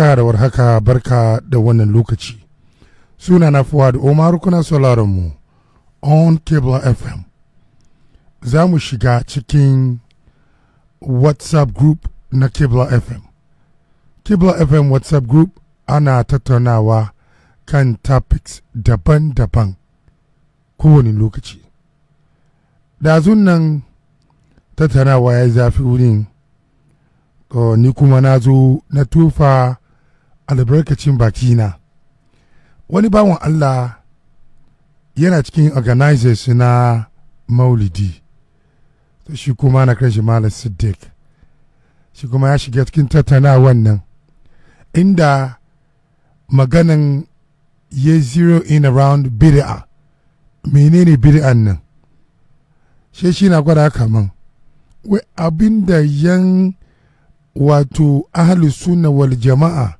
barka da haka barka da wannan lokaci suna na fuwa da omar kuna sauraron mu on cable fm za mu shiga cikin whatsapp group na cable fm cable fm whatsapp group ana tattaunawa kan topics daban-daban kowane lokaci Dazun nan tattaunawa ya zafi wurin ni kuma na zo na tufa albarkacin bakina wani bawan Allah yana cikin organizers na maulidi to shi kuma na kan shi malam siddiq shi kuma ya shiga cikin tattana wannan inda maganan ya zero in around bid'a menene bid'an nan shi shi na gwada kaman wai abinda yan wato ahli sunna wal jama'a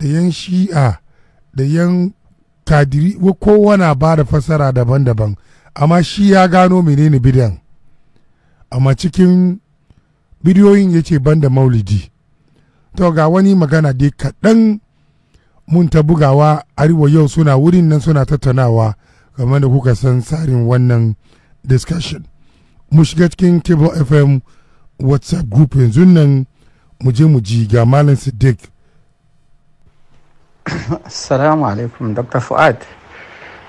da yan shi'a da yan kadiri kowa na ba da fasara daban-daban amma shi ya gano menene bidan amma cikin bidiyoyin ya ce ban da maulidi to ga wani magana dai kaɗan mun ta bugawa arewa yau suna wurin nan suna tattaunawa game da kuka san tsarin wannan discussion mu shiga cikin cable fm whatsapp group yanzu nan mu je mu ji ga malam siddiq Assalamu alaikum Dr. Fuad.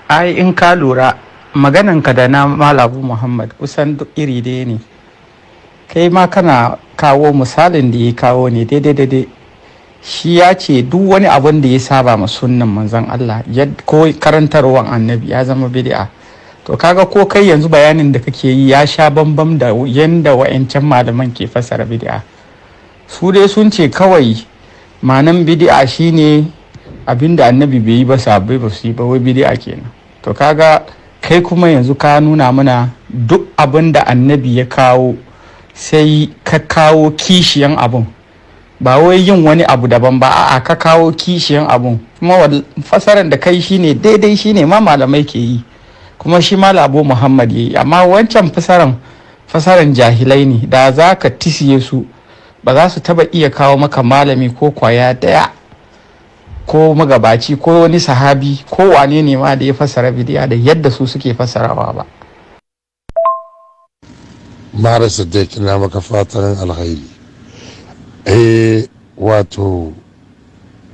Ai in ka lura ka da na Malabu Muhammad kusan duk iri dai ne. Kai ma kana kawo misalin da ya kawo ne daidai daidai. Shi ya ce duk wani abin da ya saba ma sunnan manzon Allah ko karantarwan annabi ya zama bid'a. To kaga ko kai yanzu bayanin da kake yi ya sha bambam da yanda wa'ancan malaman ke fasara bid'a. Su dai sun ce kawai manan bid'a shine Abin da annabi bai yi ba sabai ba su yi ba wai a kenan to kaga kai kuma yanzu ka nuna mana duk abin da annabi ya kawo sai ka kawo kishiyan abun ba wai yin wani abu daban ba a ka kawo kishiyan abun kuma fasaran da kai shine daidai shine ma malamai ke yi kuma shi ma labo muhammad ya yi amma wancan fasaran fasaran jahilai ne da za ka tisiye su ba za su taba iya kawo maka malami ko kwaya daya ko magabaci ko wani sahabi ko wane ne ma da ya fassara bidiya da yadda su suke fassarawa ba mara siddiq na maka fatan alhaili eh wato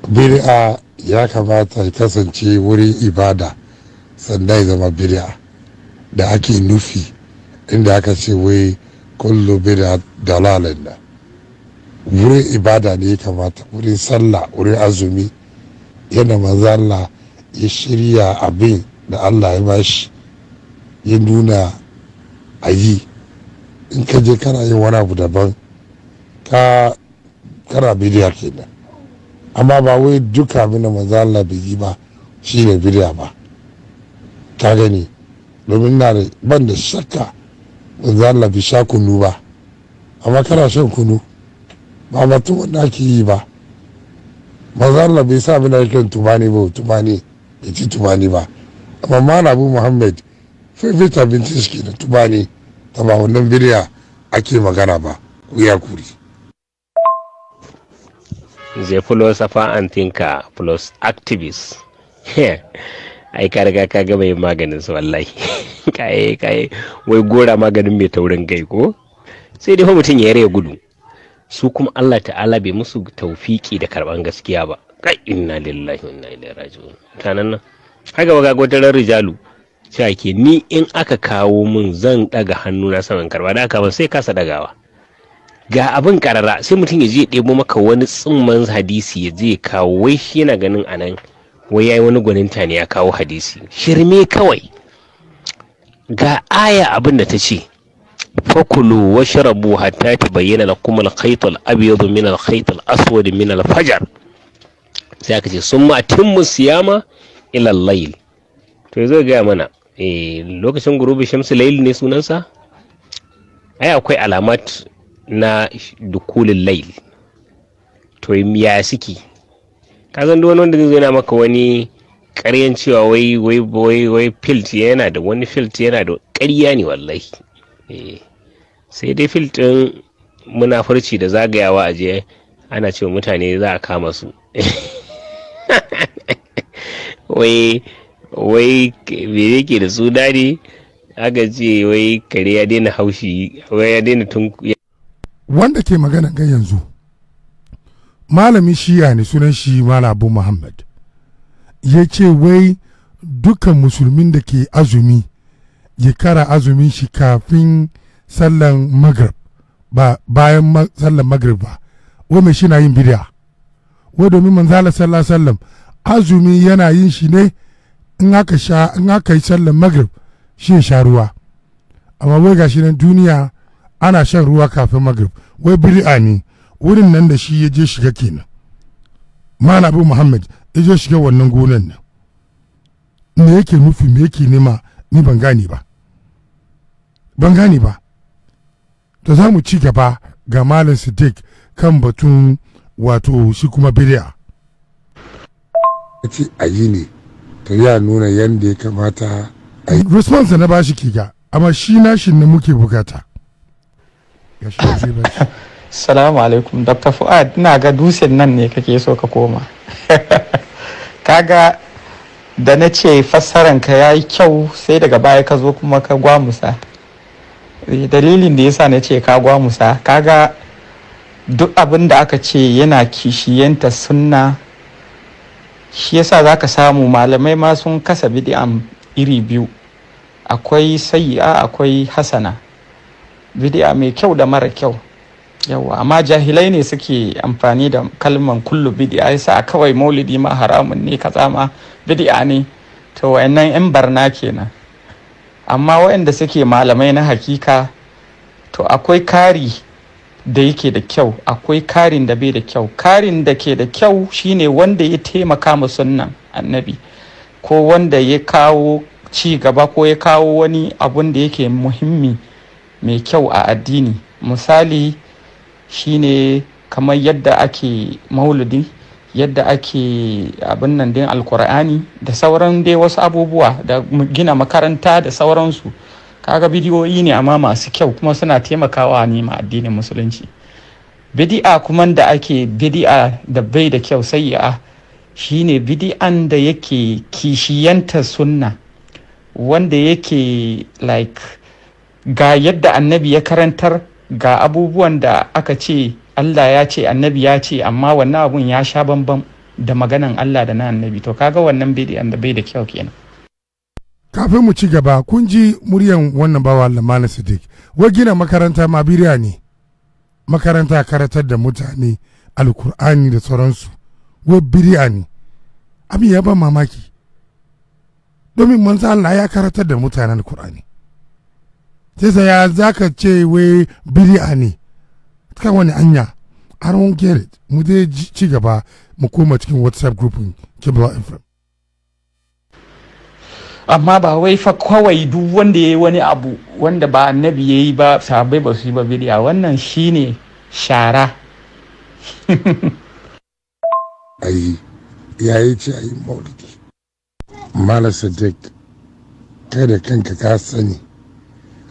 bid'a ya kamata ya kasance wurin ibada sannan ya zama bid'a da ake nufi inda aka ce wai kullu bid'a dalalin wurin ibada ne ya kamata wurin sallah wurin azumi yadda maza Allah ya shirya abin da Allah ya bashi ya nuna a yi in ka je kana yin wani abu daban ka kana bidiya kenan amma ba wai duka abin da maza Allah bai yi ba shine bidiyar ba ta gani domin na da ban da shakka maza Allah bai sha kunu ba amma kana shan kunu ba matu wanda ake yi ba maza Allah bai sa abin da ake tumani ba tumani bai ci tumani ba amma mana abu muhammad fifita binti shi na tumani ta ba wannan biriya ake magana ba ku ya kuri the philosopher and thinker plus activist ai ka riga ka gama yin maganin su wallahi kaye kaye wai gora maganin mai taurin kai ko sai dai fa mutum ya yare gudu su kuma Allah ta'ala bai musu taufiki da karban gaskiya ba kai inna lillahi wa inna ilaihi raji'un mutanen nan haka ba ga gwadarar rijalu cewa ke ni in aka kawo min zan daga hannu na saman karba da aka ban sai kasa dagawa ga abin karara sai mutum ya je ɗebo maka wani tsimman hadisi ya je kawo wai shi yana ganin anan wai yayi wani gwaninta ne ya kawo hadisi shirme kawai ga aya abin da ta ce fakulu washrabu hatta tabayyana lakum al-khayt al-abyad min al-khayt al-aswad min al-fajr sai aka ce summa atimmu siyama ila al to zai gaya mana eh lokacin gurubi shamsu layl ne sunansa ai akwai alamat na dukulin layl to ya suke wanda zai yana maka wani ƙaryan cewa wai wai wai filt yana da wani filt yana da ƙarya ne wallahi sai dai fil ɗin munafurci da zagayawa a je ana cewa mutane za a kama su wai wai me yake da su dare aka ce wai kare ya daina haushi wai ya daina tun wanda ke magana ga yanzu malami shiya ne sunan shi malam abu muhammad ya ce wai dukkan musulmin da ke azumi ya kara azumin shi kafin sallan magrib ba bayan sallan magrib ba wai mai shi na yin bid'a wai domin manzala sallallahu sallam azumi yana yin shi ne in aka sha in aka yi sallan magrib shi ya sha ruwa amma wai gashi nan duniya ana shan ruwa kafin magrib wai bid'a ne wurin nan da shi ya je shiga kenan mana abu muhammad ya je shiga wannan gonan nan me yake nufi me yake nema ni ban gane ba ban gane ba da za mu ci gaba ga malam Sadiq kan batun wato shi kuma bidiya ce a yi ne ta ya nuna yadda ya kamata a yi response na bashi kiga amma shi nashin na muke bukata salamu alaikum dr fuad ina ga dusin nan ne kake so ka koma kaga da na ce fassaranka ya yi kyau sai daga baya ka zo kuma ka gwamusa Eh, dalilin da yasa na ce ka gwamusa kaga duk abin da aka ce yana kishiyanta sunna shi yasa za ka samu malamai ma sun kasa bidi'an iri biyu akwai sayi'a akwai hasana bidi'a mai kyau da mara kyau yawa amma jahilai ne suke amfani da kalman kullu bidi'a yasa kawai maulidi ma haramun ne kaza ma bidi'a ne to wayannan yan barna kenan amma waɗanda suke malamai na hakika to akwai kari da yake da kyau akwai karin da bai da kyau karin da ke da kyau shine wanda ya taimaka ma sunnan annabi ko wanda ya kawo ci gaba ko ya kawo wani abun da yake muhimmi mai kyau a addini misali shine kamar yadda ake mauludi yadda ake abin nan din alkur'ani da sauran dai wasu abubuwa da gina makaranta da sauransu kaga bidiyoyi ne amma masu kyau kuma suna taimakawa ne ma addinin musulunci bidi'a kuma da ake bidi'a da bai da kyau sai ya shine bidi'an da yake kishiyanta sunna wanda yake like ga yadda annabi ya karantar ga abubuwan da aka ce Allah ya ce annabi ya ce amma wannan abun ya sha bambam da maganan Allah da na annabi to kaga wannan bai da bai da kyau kenan kafin mu ci gaba kun ji muryan wannan bawa Malam Sadiq wai gina makaranta ma biriya ne makaranta karatar da mutane alkur'ani da sauransu wai biriya ne abin ya ban mamaki domin manzo Allah ya karatar da mutanen alkur'ani sai ya zaka ce wai biri'a ne kan wani anya I don't get it mu dai ci gaba mu koma cikin whatsapp groupin kibla fm amma ba wai fa kawai duk wanda yayi wani abu wanda ba annabi yayi ba sabai ba su yi ba bidiya wannan shine shara ayi ya yi ce ai maulidi mala sadiq kai kanka ka sani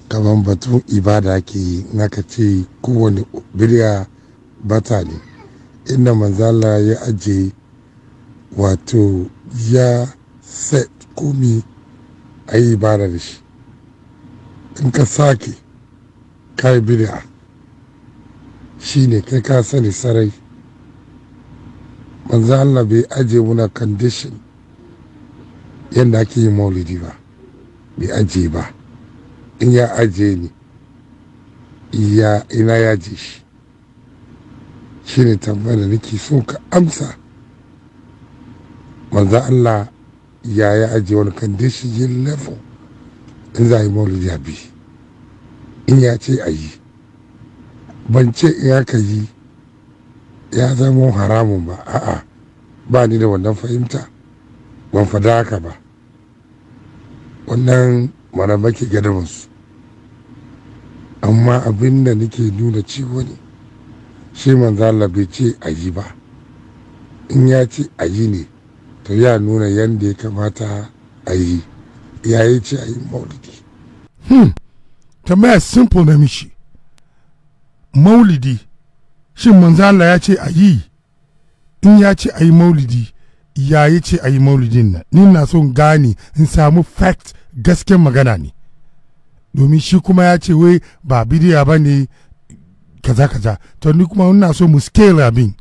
kamar batun ibada ke yi naka ce kowane birya bata ne inda manzala ya aje wato ya set komi a yi ibada da shi in ka sake kai birya shi ne kai ka sani sarai manzo Allah bai aje muna condition yadda ake yi maulidi ba bai aje ba in ya ajiye ni ya ina ya ji shi shi ne tambayar da nake so ka amsa manzan Allah ya ya ajiye wani yin level in za a yi maulidi bi in ya ce a yi ban ce in aka yi ya zama haramun ba a'a ba ni da wannan fahimta ban fada haka ba wannan maraba ke gadabansu amma abin da nake nuna ciwo ne shi manzala bai ce a yi ba in ya ce a yi ne to ya nuna yadda ya kamata a yi ya yi ce a yi maulidi hmm maya simple na mishi maulidi shi manzala ya ce a yi in ya ce a yi maulidi ya yi ce a yi maulidin nan ni na son gane in samu fact gasken magana ne domin shi kuma ya ce wai ba bidiya ba ne kaza kaza to ni kuma ina so mu scale abin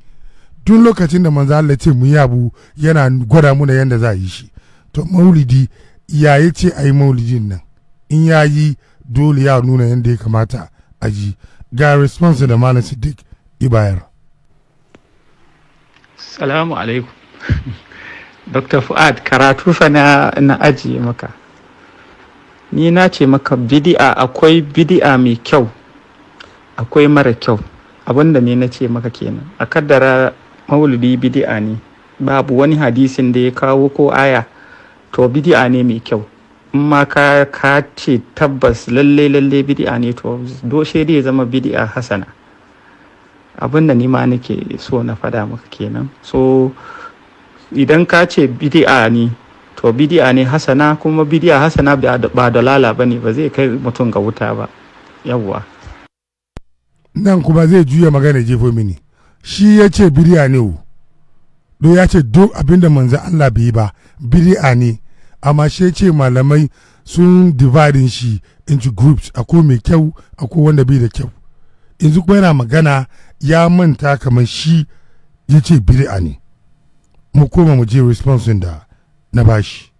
tun lokacin da manzo Allah ce mu yabu yana gwada muna yadda za yi shi to maulidi ya yi ce a yi maulidin nan in ya yi dole ya nuna yadda ya kamata a ji ga response da malam siddiq ibayar salamu alaikum dr fuad karatu fa na aji maka ni na ce maka bidi'a akwai bidi'a mai kyau akwai mara kyau abinda ne na ce maka kenan a kaddara maulidi bidi'a ne babu wani hadisin da ya kawo ko aya to bidi'a ne mai kyau in ma ka ce tabbas lalle lalle bidi'a ne to doshe dai zama bidi'a hasana abinda ni ma nake so na fada maka kenan so idan ka ce bidi'a ne to bidi'a ne hasana kuma bidiya hasana ba dalala ba ne ba zai kai mutum ga wuta ba yawwa nan kuma zai juya magana jefo mini shi ya ce bidiya ne wu do ya ce duk abinda manzan Allah bai ba bidiya ne amma shi ya ce malamai sun dividing shi into groups akwai mai kyau akwai wanda bai da kyau yanzu kuma yana magana ya manta kamar shi ya ce bidiya ne mu koma mu je response da na bashi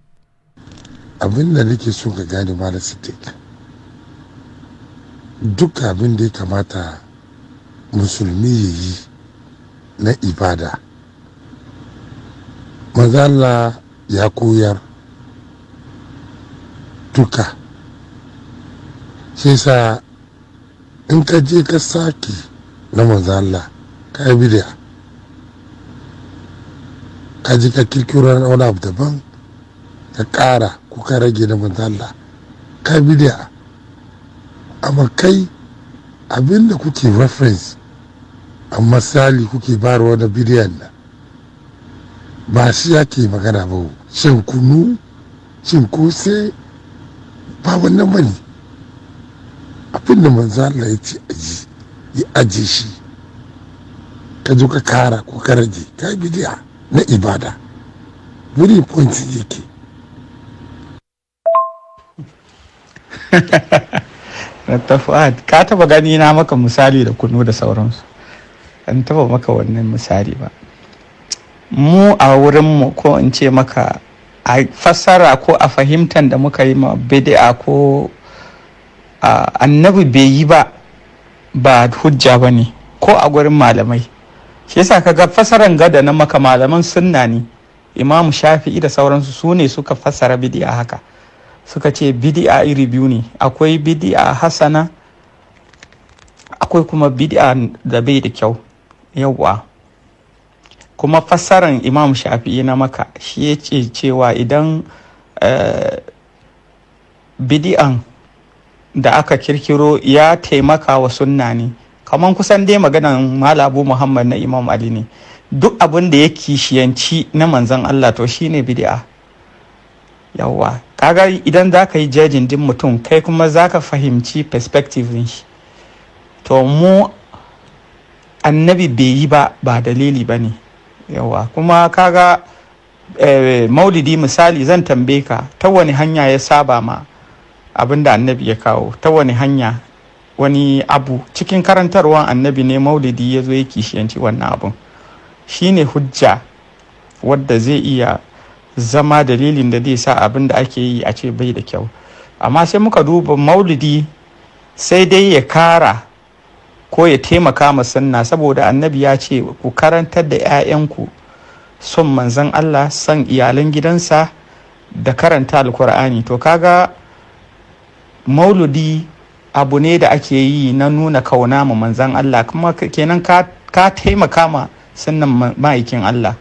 abin da nake so ka gane malam siddiq duk abin da ya kamata musulmi ya yi na ibada mazala ya koyar duka sai sa in ka je ka saki na mazala ka yi bidiya ka je ka kirkiro wani abu daban ka ƙara ko ka rage da manzo ka bidiya amma kai abinda kuke reference a misali kuke barwa da bidiyan nan ba shi yake magana ba shin kunu shin kose ba wannan bane abinda manzo ya ce aji ya aje shi ka zo ka kara ko ka rage ka bidiya na ibada wurin point yake na ah, ka taba gani na maka misali da kunu da sauransu an taba maka wannan misali ba mu a wurinmu ko in ce maka a fassara ko a fahimtar da muka yi ma bidi'a ko annabi bai yi ba ba hujja ba ne ko a gurin malamai shi yasa kaga fasarar gada na maka malaman sunna ne imamu shafi'i da sauransu su ne suka fassara bidi'a haka suka ce bidi'a iri biyu ne akwai bidi'a hasana akwai kuma bidi'a da bai da kyau yawwa kuma fassaran imam shafi'i na maka shi ya ce cewa idan uh, eh, bidi'an da aka kirkiro ya taimaka wa sunna ne kamar kusan dai maganan malabu muhammad na imam ali ne duk abin da ya kishiyanci na manzan allah to shine bidi'a yawwa kaga idan za ka yi jejin din mutum kai kuma za ka fahimci perspective shi to mu annabi bai yi ba ba dalili ba ne yawa kuma kaga eh, maulidi misali zan tambaye ka ta wani hanya ya saba ma abin da annabi ya kawo ta wani hanya wani abu cikin karantarwan annabi ne maulidi ya zo ya kishiyanci wannan abun shine hujja wadda zai iya zama dalilin da zai sa abin da ake yi a ce bai da kyau amma sai muka duba maulidi sai dai ya kara ko ya taimaka ma sunna saboda annabi ya ce ku karantar da 'ya'yanku son manzan allah son iyalan gidansa da karanta alkur'ani to kaga maulidi abu ne da ake yi na nuna kauna ma manzan allah kuma kenan ka taimaka ma sunnan ma'aikin allah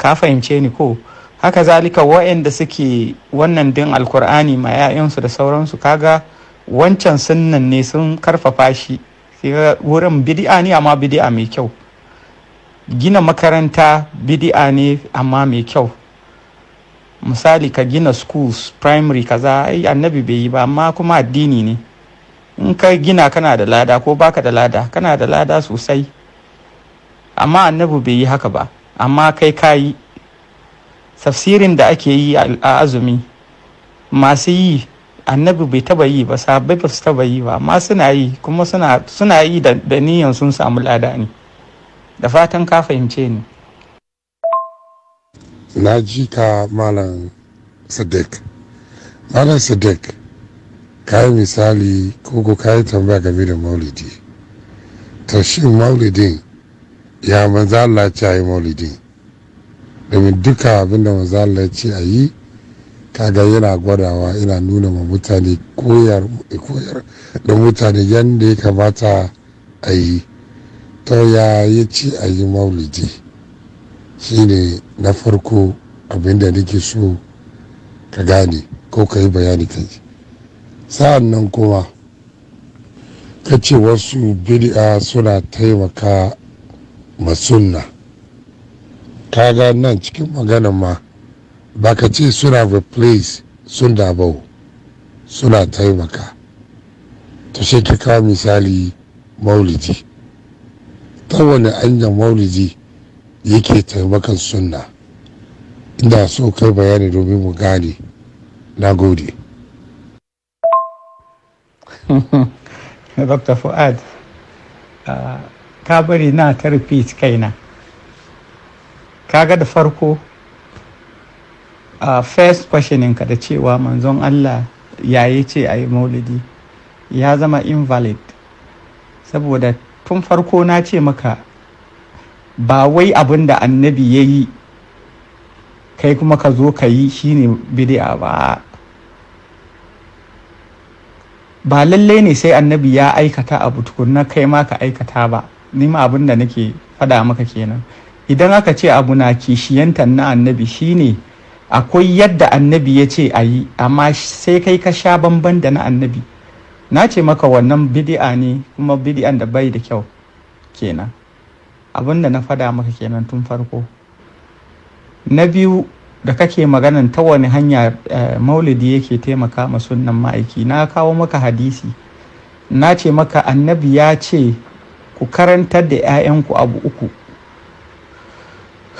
ka fahimce ni ko haka zalika wa'anda suke wannan din alkur'ani ma 'ya'yansu da sauransu kaga wancan sunnan ne sun karfafa shi wurin bidi'a ne amma bidi'a mai kyau gina makaranta bidi'a ne amma mai kyau misali ka gina schools primary kaza ai annabi bai yi ba amma kuma addini ne in ka gina kana da lada ko baka da lada kana da lada sosai amma annabi bai yi haka ba amma kai kayi tafsirin da ake yi a azumi masu yi annabi bai taba yi ba sahabbai ba su taba yi ba amma suna yi kuma suna yi da niyan sun samu lada ne da fatan ka fahimce ni na ji ka malam sadiq malam sadiq ka yi misali koko ka yi tambaya game da maulidi to shin maulidin ya manzo Allah a yi maulidin domin duka abin da manzala ce a yi kaga yana gwadawa yana nuna ma mutane koyar da mutane yadda ya kamata a yi ta ya ya ce a yi maulidi shine na farko abin da nake so ka gane ko ka yi bayani kai sa'an nan kuma ka ce wasu bid'a suna taimaka masunna Ka ga nan cikin maganan ma ba ka ce suna replace sun dabau suna taimaka ta shi ka kawo misali maulidi ta wani anyan maulidi yake taimakan sunna inda so kai bayani domin mu gane na gode dr fuad ah, ka bari na tarfi kaina kaga da farko a first questioning ka da cewa manzon Allah ya yi ce a yi maulidi ya zama invalid saboda tun farko na ce maka ba wai abin da annabi ya yi kai kuma ka zo ka yi shine bid'a ba ba lalle ne sai annabi ya aikata abu tukunna kai ma ka aikata ba ni ma abin da nake fada maka kenan idan aka ce abu na kishiyanta na annabi shine akwai yadda annabi ya ce a yi amma sai kai ka sha bamban da na annabi na ce maka wannan bidi'a ne kuma bidi'an da bai da kyau kenan abin da na fada maka kenan tun farko na biyu da kake maganan ta wani hanya eh, maulidi yake taimaka ma sunnan ma'aiki na kawo maka hadisi na ce maka annabi ya ce ku karantar da 'ya'yanku abu uku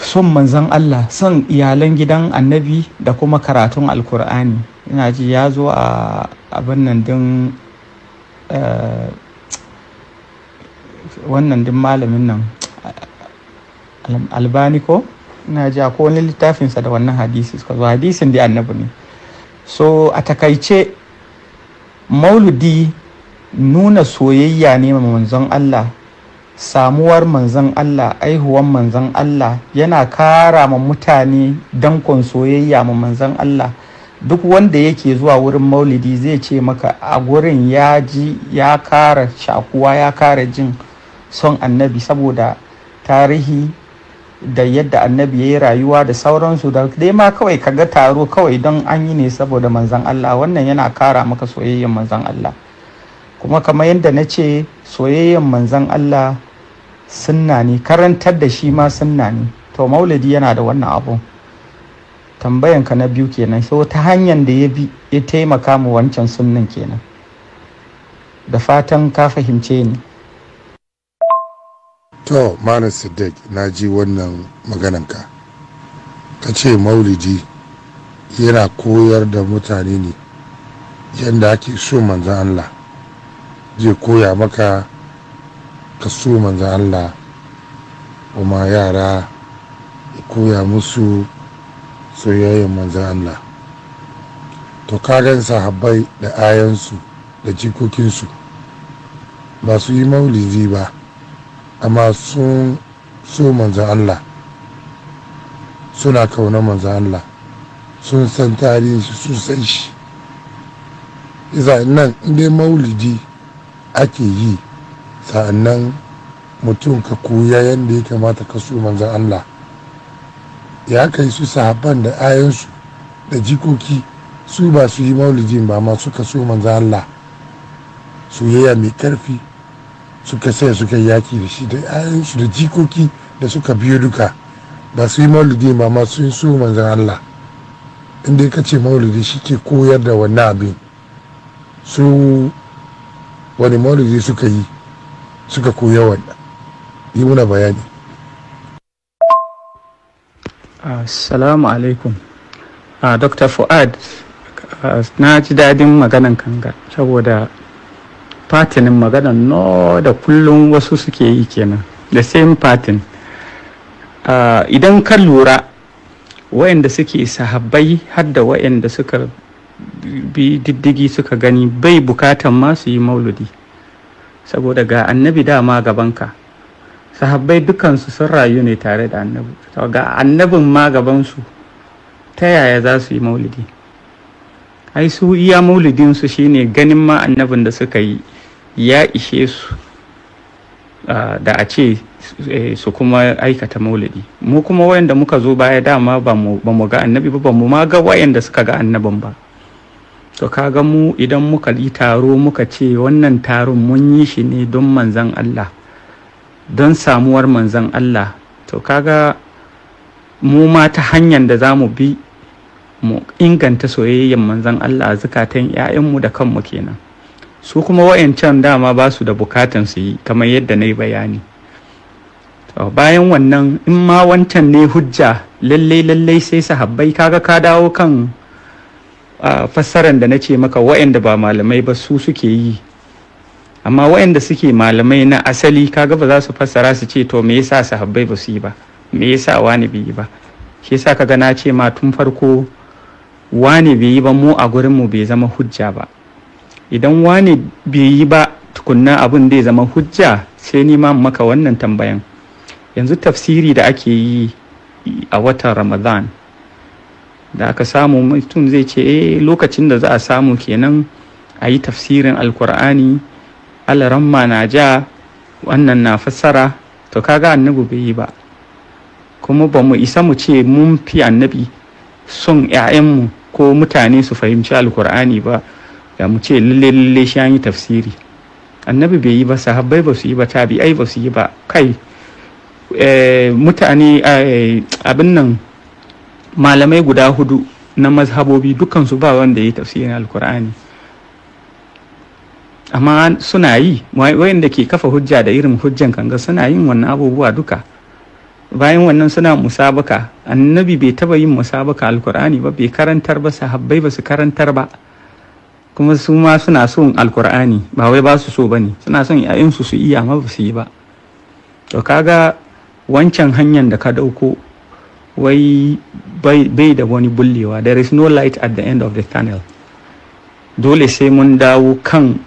son manzan Allah son iyalan gidan annabi da kuma karatun alkur'ani ina ji ya zo a abin din eh, wannan din malamin nan albani ko ina ji ko wani littafinsa da wannan hadisi suka zo hadisin da annabi ne so a takaice mauludi nuna soyayya ne ma manzon Allah samuwar manzan Allah aihuwan manzan Allah yana kara ma mutane dankon soyayya ma manzan Allah duk wanda yake zuwa wurin maulidi zai ce maka a gurin ya ji ya kara shakuwa ya kara jin son annabi saboda tarihi da yadda annabi ya yi rayuwa da sauransu da dai ma kawai kaga taro kawai don an yi ne saboda manzan Allah wannan yana kara maka soyayyen manzan Allah kuma kamar yadda na ce soyayyen manzan Allah sunna ne karantar da shi ma sunna ne to maulidi yana da wannan abu tambayanka na biyu kenan so ta hanyar da ya bi ya taimaka mu wancan sunnan kenan da fatan ka fahimce ni to malam siddiq na ji wannan maganan ka ce maulidi yana koyar da mutane ne yadda ake so manzan allah zai koya maka ka so manza Allah kuma yara koya musu soyayyen manza Allah to kagan sahabbai da ayansu da jikokinsu ba su yi maulidi ba amma sun so manza Allah suna kauna manza Allah sun san tarihi sun san shi iza nan inda maulidi ake yi sa'annan mutum ka koya yadda ya kamata ka so manzan Allah ya kai su sahabban da ayansu da jikoki su ba su yi maulijin ba ma suka so manzan Allah soyayya mai karfi suka sai suka yaki da shi da ayansu da jikoki da suka biyo duka ba su yi maulidi ba ma sun so manzan Allah inda ka ce maulidi shi ke koyar da wannan abin su wani maulidi suka yi suka koya wannan yi muna bayani assalamu alaikum uh, dr fuad uh, na ji daɗin maganan kanga saboda fatinin maganan no da kullum wasu suke yi kenan the same fatin uh, idan ka lura wayanda suke sahabbai har da wayanda suka bi diddigi suka gani bai bukatan ma su yi mauludi saboda ga annabi dama gabanka sahabbai dukansu sun rayu ne tare da annabi ga annabin ma gabansu ta yaya za su yi maulidi ai su iya maulidinsu shine ganin ma annabin da suka yi ya ishe su da a ce eh, su kuma aikata maulidi mu kuma wayanda muka zo baya dama ba mu ga annabi ba ba mu ma ga wayanda suka ga annabin ba to kaga mu idan muka yi taro muka ce wannan taron mun yi shi ne don manzan Allah don samuwar manzan Allah to kaga mu ma ta hanyar da za mu bi mu inganta soyayyar manzan Allah a zukatan 'ya'yanmu da kanmu kenan su kuma wayancan dama ba su da bukatan su yi kamar yadda na yi bayani bayan wannan in ma wancan ne hujja lallai lallai sai sahabbai kaga ka dawo kan fassaran da na ce maka wayanda ba malamai ba su suke yi amma wayanda suke malamai na asali kaga ba za su fassara su ce to me yasa sahabbai ba su yi ba me yasa wani bai yi ba shi yasa kaga na ce ma tun farko wani bai yi ba mu a gurin mu bai zama hujja ba idan wani bai yi ba tukunna abun zai zama hujja sai ni ma maka wannan tambayan yanzu tafsiri da ake yi a watan ramadan da aka samu mutum zai ce eh lokacin da za a samu kenan a yi tafsirin alkur'ani ma na ja wannan na fassara to kaga annabi bai yi ba kuma ba mu isa mu ce mun fi annabi son 'ya'yanmu ko mutane su fahimci alkur'ani ba da mu ce lalle lalle shi an yi tafsiri annabi bai yi ba sahabbai ba su yi ba tabi'ai ba su yi ba kai eh, mutane eh, abin nan malamai guda hudu na mazhabobi dukansu ba wanda ya yi tafsirin alkur'ani amma suna yi wayanda ke kafa hujja da irin hujjan kanga suna yin wannan abubuwa duka bayan wannan suna musabaka annabi bai taba yin musabaka alkur'ani ba bai karantar ba sahabbai ba su karantar ba kuma su ma suna son alkur'ani ba wai ba su so ba ne suna son yayinsu su iya ma ba su yi ba to kaga wancan hanyar da ka dauko wai bai da wani bullewa there is no light at the end of the tunnel dole sai mun dawo kan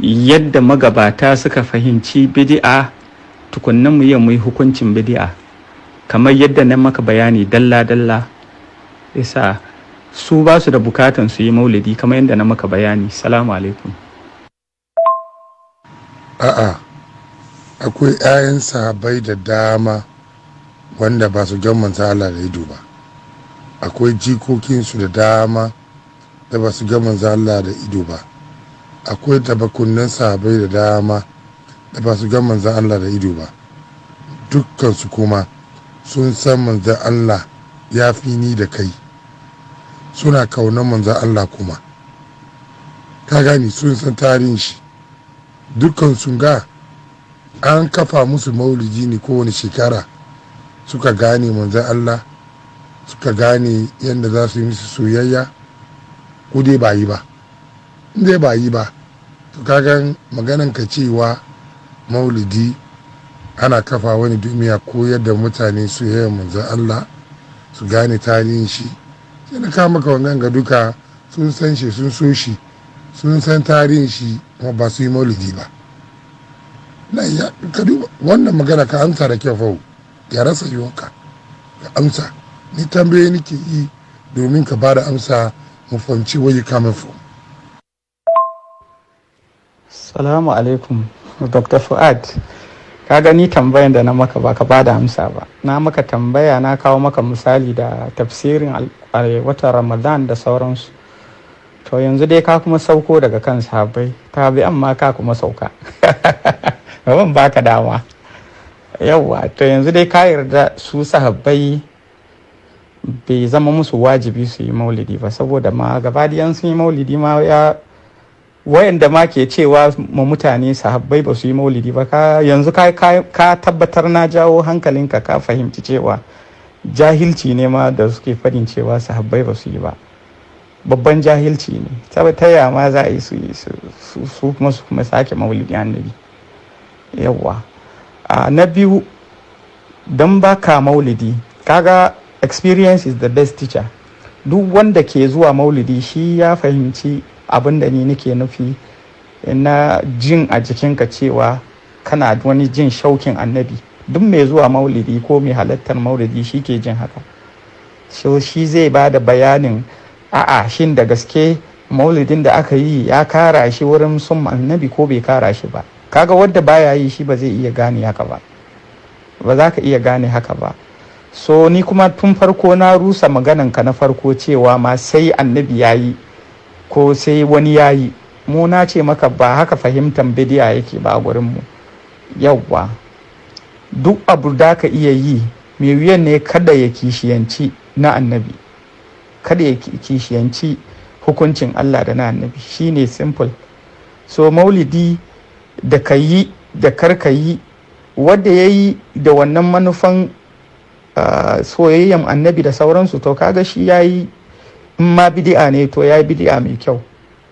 yadda magabata suka fahimci bidi'a tukunnan mu yi muyi hukuncin bidi'a kamar yadda na maka bayani dalla-dalla isa su ba su da bukatan su yi maulidi kamar yadda na maka bayani salamu alaikum a'a akwai 'ya'yan sahabai da dama wanda ba su gan manzala da ido ba akwai jikokinsu da dama da ba su ga Allah da ido ba akwai tabakunnan sahabai da dama da ba su ga manzo Allah da ido ba dukkansu kuma sun san manzo Allah ya fi ni da kai suna kauna manzo Allah kuma ka gani sun san tarihin shi dukkan ga an kafa musu maulidi ne kowane shekara suka gane manzan Allah suka gane yadda za su yi musu soyayya ko dai ba yi ba in dai ba yi ba to kagan maganan ka cewa maulidi ana kafa wani duniya ko yadda mutane soyayya manzan Allah su gane tarihin shi sai na kama ka wangan ga duka sun san shi sun so shi sun san tarihin shi kuma ba su yi maulidi ba wannan magana ka amsa da kyau fau ya rasa yiwuwa ka amsa ni tambaye nake yi domin ka bada amsa mu fahimci where you coming from salamu alaikum dr fuad ka gani tambayan da na maka ba ka bada amsa ba na maka tambaya na kawo maka misali da tafsirin watan ramadan da sauransu to yanzu dai ka kuma sauko daga kan sahabbai ta bi amma ka kuma sauka ban baka dama yauwa to yanzu dai ka yarda su sahabbai bai zama musu wajibi su yi maulidi ba saboda ma gabadiyan sun yi maulidi ma ya wayanda ma ke cewa ma mutane sahabbai ba su yi maulidi ba ka yanzu ka, tabbatar na jawo hankalinka ka fahimci cewa jahilci ne ma da suke fadin cewa sahabbai ba su yi ba babban jahilci ne ta ya ma za a yi su su kuma su kuma sake maulidi annabi yawa na biyu don baka maulidi kaga experience is the best teacher duk wanda ke zuwa maulidi shi ya fahimci abin da ni nake nufi na jin a jikinka cewa kana wani jin shaukin annabi duk mai zuwa maulidi ko mai halattar maulidi shi ke jin haka so shi zai ba da bayanin a'a shin da gaske maulidin da aka yi ya kara shi wurin sun annabi ko bai kara shi ba kaga wadda baya yi shi ba zai iya gane haka ba ba za ka iya gane haka ba so ni kuma tun farko na rusa maganan ka na farko cewa ma sai annabi ya yi ko sai wani ya yi mu na ce maka ba haka fahimtar bidiya yake ba gurinmu yauwa duk abu da ka iya yi mai wuyan ne kada ya kishiyanci na annabi kada ya kishiyanci hukuncin allah da na annabi shine simple so maulidi da ka yi da karka yi wadda ya yi da wannan manufan Ah, soyayyan annabi da sauransu to kaga shi ya yi in ma bidi'a ne to ya yi bidi'a mai kyau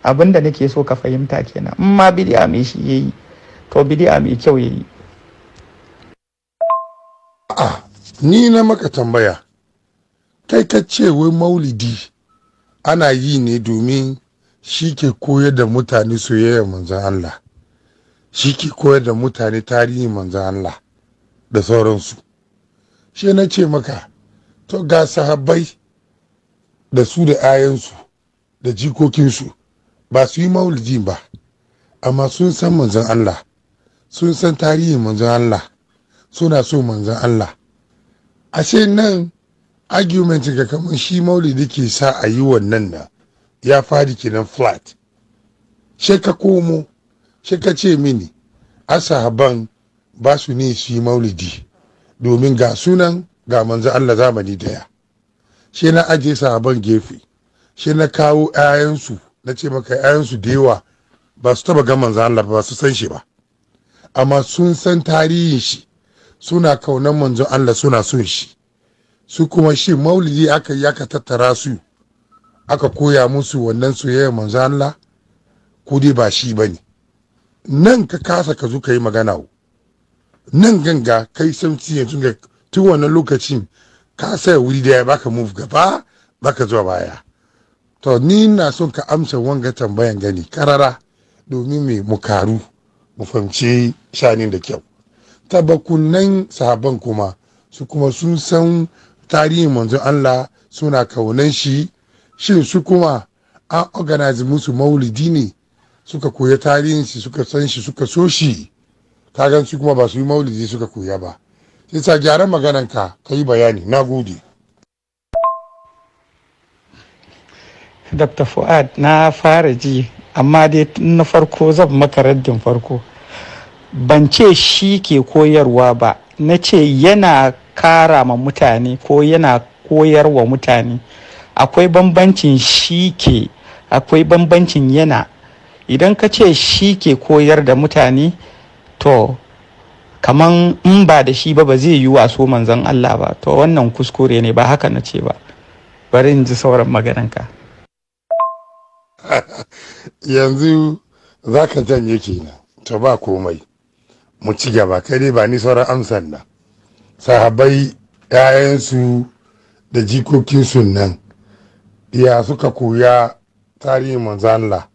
abinda nake so ka fahimta kenan in ma bidi'a mai shi ya yi to bidi'a mai kyau ya yi a'a ni na maka tambaya kai ka ce wai maulidi ana yi ne domin shi ke koyar da mutane soyayyar manzan Allah shi ke koyar da mutane tarihin manzan Allah da sauransu shi na ce maka to ga sahabbai da su da ayansu da jikokinsu ba su yi maulidi ba amma sun san manzon Allah sun san tarihin manzon Allah suna so manzon Allah ashe nan argument ga kamar shi maulidi ke sa a yi wannan na ya fadi kenan flat sai ka komo she ka ce mini asahaban ba su ne su yi maulidi domin ga sunan ga manzo Allah zamani daya shi na aje sahaban gefe shi na kawo 'ya'yansu na ce maka 'ya'yansu da yawa ba su taba ga manzo Allah ba su san shi ba amma sun san tarihin shi suna kaunan manzo Allah suna son shi su kuma shi maulidi aka yi aka tattara su aka koya musu wannan soyayyar manzo Allah ko dai ba shi bane nan ka kasa ka zo ka yi magana nan ganga kai 17 yanzu ga tun wannan lokacin ka saya wuri da daya baka move gaba baka zuwa baya to ni na son ka amsa wanga tambayan gani karara domin mai mu karu mu fahimci shanin da kyau tabakunan sahaban kuma su kuma sun san tarihin manzon Allah suna kaunan shi shin su kuma an organize musu maulidi ne suka koya tarihin shi suka san shi suka so shi gan su kuma ba su yi maulidi suka koya ba sai sa gyaran maganan ka yi bayani na gode dr fuad na fara ji amma dai na farko zan maka raddin farko ban ce shi ke koyarwa ba na ce yana kara ma mutane ko yana koyarwa mutane akwai bambancin shi ke akwai bambancin yana idan ka ce shi ke koyar da mutane to kaman in ba da shi ba ba zai yi waso manzon Allah ba to wannan kuskure ne ba haka na ce ba bari in ji sauran maganarka yanzu za ka janye kenan to ba komai mu ci gaba kai dai ba ni sauran amsan nan sahabai ‘ya'yansu da jikokinsu nan ya suka koya tarihin manzon Allah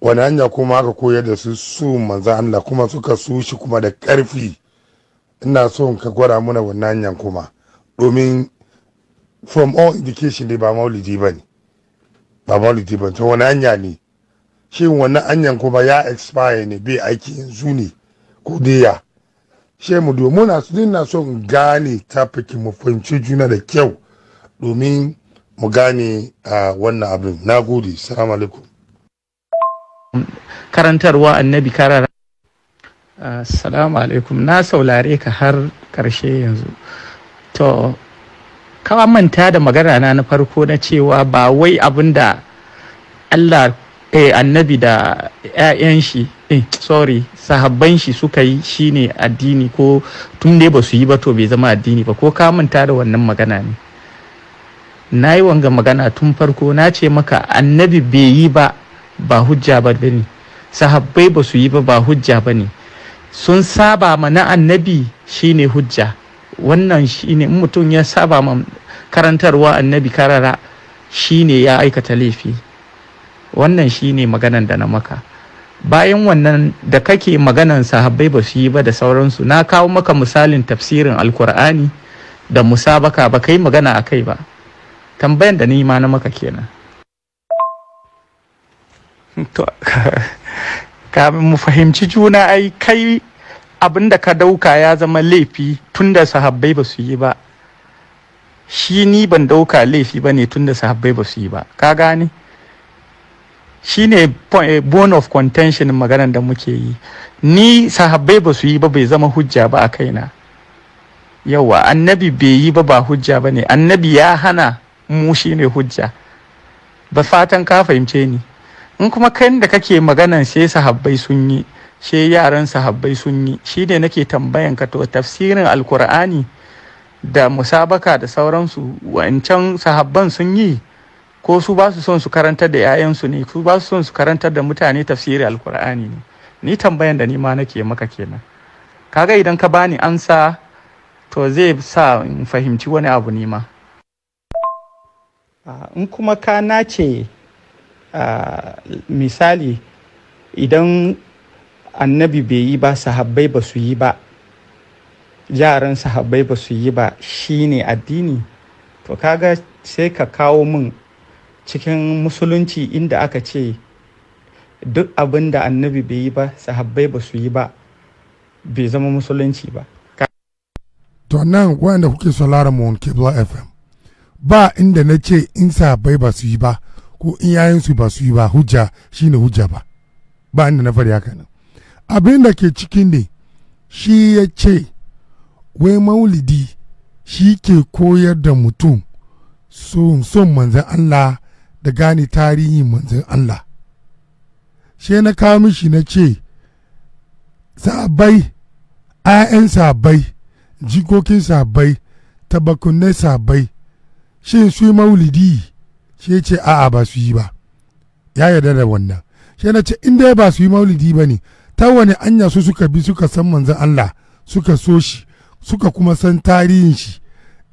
wani hanya kuma aka koyar da su su manzo Allah kuma suka su shi kuma da ƙarfi ina so ka gwada mana wannan hanyar kuma domin from all indication dai ba maulidi ba ne ba maulidi ba ne wani hanya ne shi wannan hanyar kuma ya expire ne bai aiki yanzu ne ko daya ya she mu domin na su so in gane fiki mu fahimci juna da kyau domin mu gane a ah, wannan abin na gode salamu alaikum karantarwa annabi karara assalamu alaikum na saulare ka har karshe yanzu to manta da magana na na farko na cewa ba wai abin da allah eh, annabi da 'ya'yan shi eh, sorry sahabban shi suka yi shine addini ko tun dai ba su yi ba to bai zama addini ba ko ka manta da wannan magana ne na yi wanga magana tun farko na ce maka annabi bai yi ba ba hujja ba ne sahabbai ba su yi ba ba hujja ba ne sun saba ma na annabi shine hujja wannan shine in mutum ya saba ma karantarwa annabi karara shine ya aikata laifi wannan shine maganan da na maka bayan wannan da kake maganan sahabbai ba su yi ba da sauransu na kawo maka misalin tafsirin alkur'ani da musabaka ba kai magana a kai ba tambayan da ni ma na maka kenan ka mu fahimci juna ai kai abinda ka dauka ya zama laifi tun da sahabbai ba su yi ba shi ni ban dauka laifi ba ne tun da sahabbai ba su yi ba ka gane shi ne eh, bone of contention maganar da muke yi ni sahabbai ba su yi ba bai zama hujja ba a kaina yawa annabi bai yi ba ba hujja ba ne annabi ya hana mu shi ne hujja ba fatan ka fahimce ni in kuma kan da kake maganan sai sahabbai sun yi sai yaran sahabbai sun yi shi ne nake tambayan ka to tafsirin alkur'ani da musabaka da sauransu wancan sahabban sun yi ko su ba su son su karanta da 'ya'yansu ne su ba su son su karanta da mutane tafsiri alkur'ani ne ni tambayan da ni ma nake maka kenan kaga idan ka bani ansa to zai sa in fahimci wani abu ma. Ah, in kuma ka nace misali idan annabi bai yi ba sahabbai ba su yi ba yaran sahabbai ba su yi ba shine addini to kaga sai ka kawo min cikin musulunci inda aka ce duk abin da annabi bai yi ba sahabbai ba su yi ba bai zama musulunci ba to nan wanda kuke sauraron mu on fm ba inda na ce in sahabbai ba su yi ba ko in yayin su ba su yi ba hujja shine hujja ba ba inda na fari haka nan abin da ke cikin ne shi ya ce wai maulidi shi ke koyar da mutum son manzan Allah da gane tarihin manzan Allah shi na kawo mishi na ce sabai ‘ya'yan sabai jikokin sabai tabakunai sabai shin su maulidi shi ce a'a ba su yi ba ya yarda da wannan shi na ce in dai ba su yi maulidi ba ne ta wani anya su suka bi suka san manzan Allah suka so shi suka kuma san tarihin shi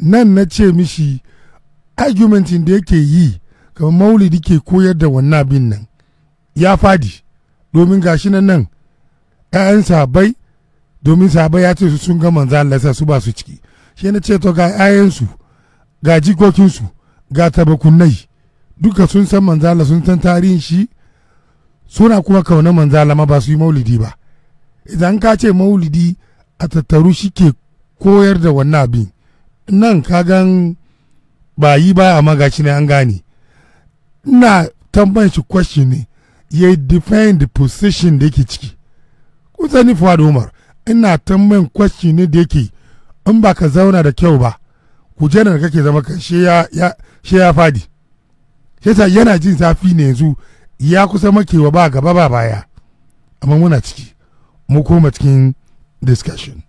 nan na ce mishi argumentin da yake yi kamar maulidi ke koyar da wannan bin nan ya fadi domin gashi nan nan 'ya'yan sabai domin sabai ya ce su sun ga manzan Allah sa su ba su ciki shi na ce to ga 'ya'yansu ga jikokinsu ga tabakunai duka sun san manzala sun san tarihin shi suna kuma kauna manzala ma ba su yi maulidi ba idan ka ce maulidi a tattaru shi ke koyar da wannan abin nan ka gan ba yi ba a magashi ne an gane ina tambayin shi question ne ya define the position da yake ciki kun sani da umar ina tambayin question ne da yake in ba ka zauna da kyau ba kujerar da kake zama ka shi ya fadi yasa yana jin zafi ne yanzu ya kusa makewa ba gaba ba baya amma muna ciki mu koma cikin discussion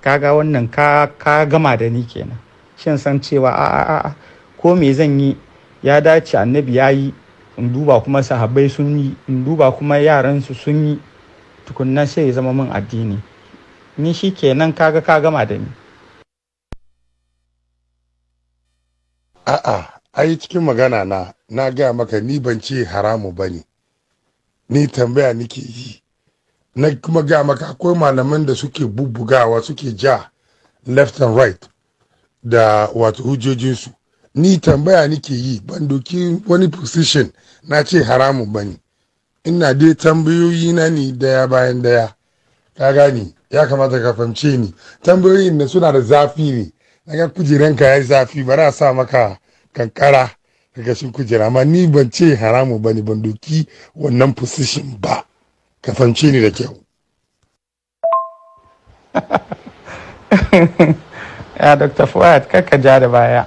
kaga wannan ka ka gama da ni kenan shin san cewa a a a ko me zan yi ya dace annabi ya yi in duba kuma sahabbai sun yi in duba kuma yaransu sun yi tukunna sai ya zama min addini ni shi kenan kaga ka gama da ni a'a ai cikin magana na na gaya maka ni ban ce haramu ba ne ni tambaya nike yi na kuma gaya maka akwai malaman da suke bubbugawa suke ja left and right da wato hujjojinsu ni tambaya nike yi ban doki wani position na ce haramu ba ne ina dai tambayoyi na ni daya bayan daya ka gani ya kamata ka fahimce ni tambayoyin na suna da zafi ne na ga kujeranka ya yi zafi ba a sa maka kankara sun kujera amma ni ban ce haramu ne ban doki wannan position ba ka fahimce ni da kyau ya dr fuad kaka ja da baya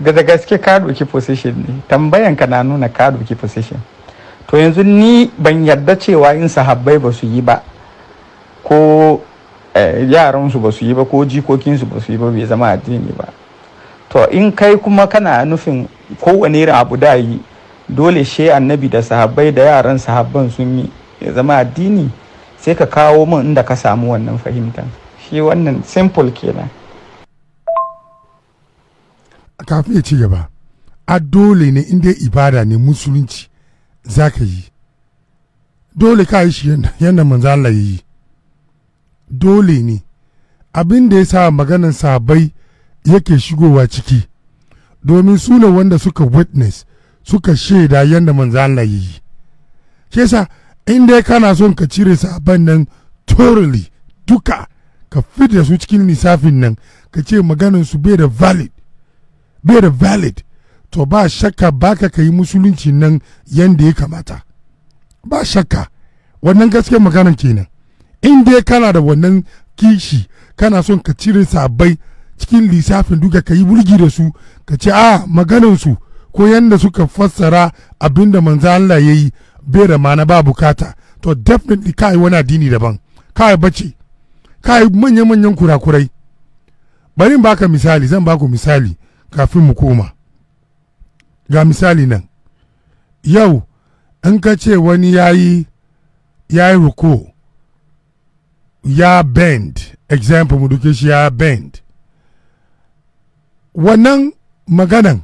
da da gaske ka doki position ne tambayan ka na nuna ka doki position to yanzu ni ban yarda cewa in sahabbai ba su yi ba ko eh, yaransu ba su yi ba ko jikokinsu ba su yi ba bai zama addini ba to in kai kuma kana nufin kowane irin abu da yi dole she annabi da sahabbai da yaran sahabban sun yi ya zama addini sai ka kawo min inda ka samu wannan fahimtar shi wannan simple kenan kafin ya ci gaba a dole ne inda ibada ne musulunci za ka yi dole ka yi shi yadda manzo ya yi dole ne abin da ya sa maganin sahabbai yake shigowa ciki domin su ne wanda suka witness suka shaida yadda manzo Allah yi ke sa in kana son ka cire sahabban nan totally duka ka fidda su cikin lissafin nan ka ce maganin su bai da valid bai da valid to ba shakka baka ka yi musulunci nan yadda ya kamata ba shakka wannan gaske maganar kenan in dai kana da wannan kishi kana son ka cire sabai cikin lissafin duka ka yi bulgi da su ka ce a ah, maganansu ko yadda suka fassara abin da manzo Allah ya yi bai da mana ba bukata to definitely ka yi wani addini daban ka yi bace ka yi manya-manyan kurakurai bari baka misali zan baku misali kafin mu koma ga misali nan yau in ka ce wani ya yi ruko ya bend example mu duke shi ya bend wannan maganan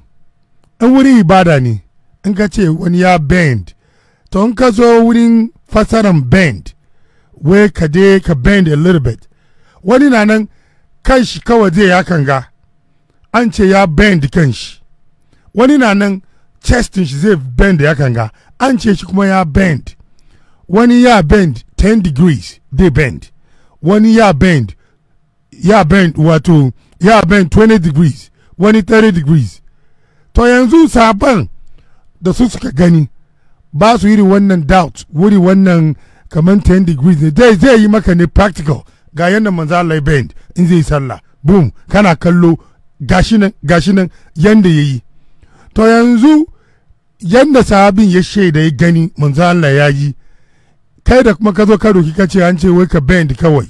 in wurin ibada ne in ka ce wani ya bend to in ka zo wurin fasaran bend wai ka je ka bend a little bit wani na nan kan shi kawai zai ya kanga an ce ya bend kan shi wani na nan chestin shi zai bend ya kanga an ce shi kuma ya bend wani ya bend 10 degrees they bend wani ya bend ya bend wato ya bend 20 degrees wani 30 degrees to yanzu sabon da su suka gani ba su yi wannan doubt wuri wannan kamar 10 degrees ne zai yi maka ne practical ga yadda manzo Allah ya bend in zai sallah boom kana kallo gashi nan gashi nan yanda yayi to yanzu yanda sahabin ya shaida ya gani manzo Allah ya yi kai da kuma ka zo ka roki ka ce an ce wai ka bend kawai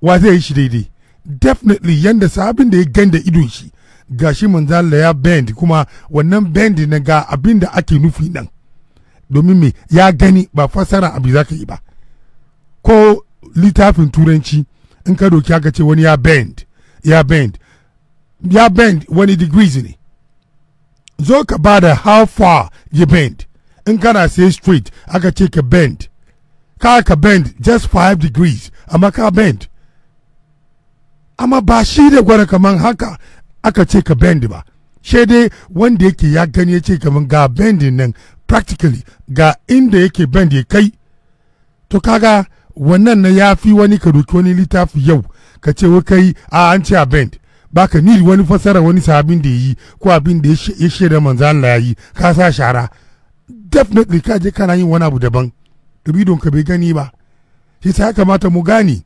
wa zai yi shi daidai definitely yanda sahabin da ya ganda idon shi gashi manzala ya bend kuma wannan bend na ga abin da ake nufi nan domin me ya gani ba fasara abu za ka yi ba ko littafin turanci in ka doki aka ce wani ya bend ya bend ya bend wani degrees ne zo ka ba da how far you bend in kana say straight aka ce ka bend ka ka bend just five degrees amma ka bend amma ba shi da gwada kamar haka aka ce ka bend ba shai dai wanda yake ya gani ya ce kamar ga bendi nan practically ga inda yake bend ya kai to kaga wannan na ya fi wani ka doki wani littafi yau ka ce wa kai a an ce a bend baka ni wani fasara wani sabin da yi ko abin da ya shaida manzo Allah ya yi ka sa shara definitely ka je kana yin wani abu daban ribidon ka bai gani ba shi sa ya kamata mu gane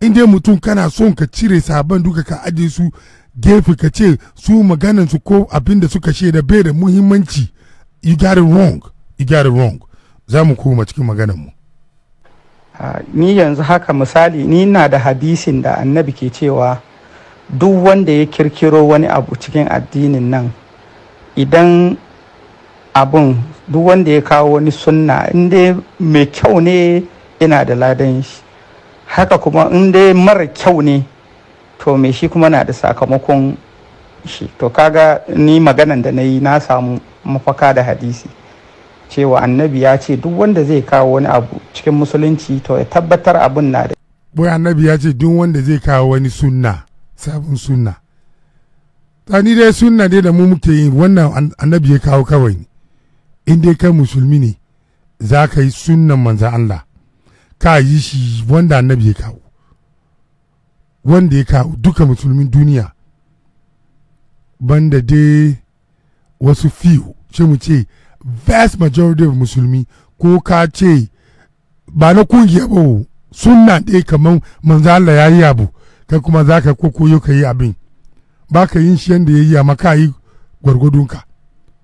in dai mutum kana son ka cire sabon duka ka ajiye su gefe ka ce su maganan su ko abin da suka shaida bai da muhimmanci you got it wrong you got it wrong za mu koma cikin maganan mu ah, ni yanzu haka misali ni na da hadisin da annabi ke cewa duk wanda ya kirkiro wani abu cikin addinin nan idan abun duk wanda ya kawo wani sunna inda mai kyau ne ina da ladan shi haka kuma inda mara kyau ne to me shi kuma na da sakamakon shi to kaga ni maganan da na yi na samu mafaka da hadisi cewa annabi ya ce duk wanda zai kawo wani abu cikin musulunci to ya tabbatar abun na da boy annabi ya ce duk wanda zai kawo wani sunna sabon sunna ni dai sunna dai da mu muke yi wannan annabi ya kawo kawai ne in dai kai musulmi ne za ka yi sunnan manzan Allah ka yi shi wanda annabi ya kawo wanda ya kawo duka musulmin duniya banda dai wasu few ce mu ce vast majority of musulmi ko ka ce ba na kungiya ba sunna ɗaya kamar manzo ya yi abu kai kuma za ka yau ka yi abin ba ka yin shi yadda ya yi a maka yi gwargwadonka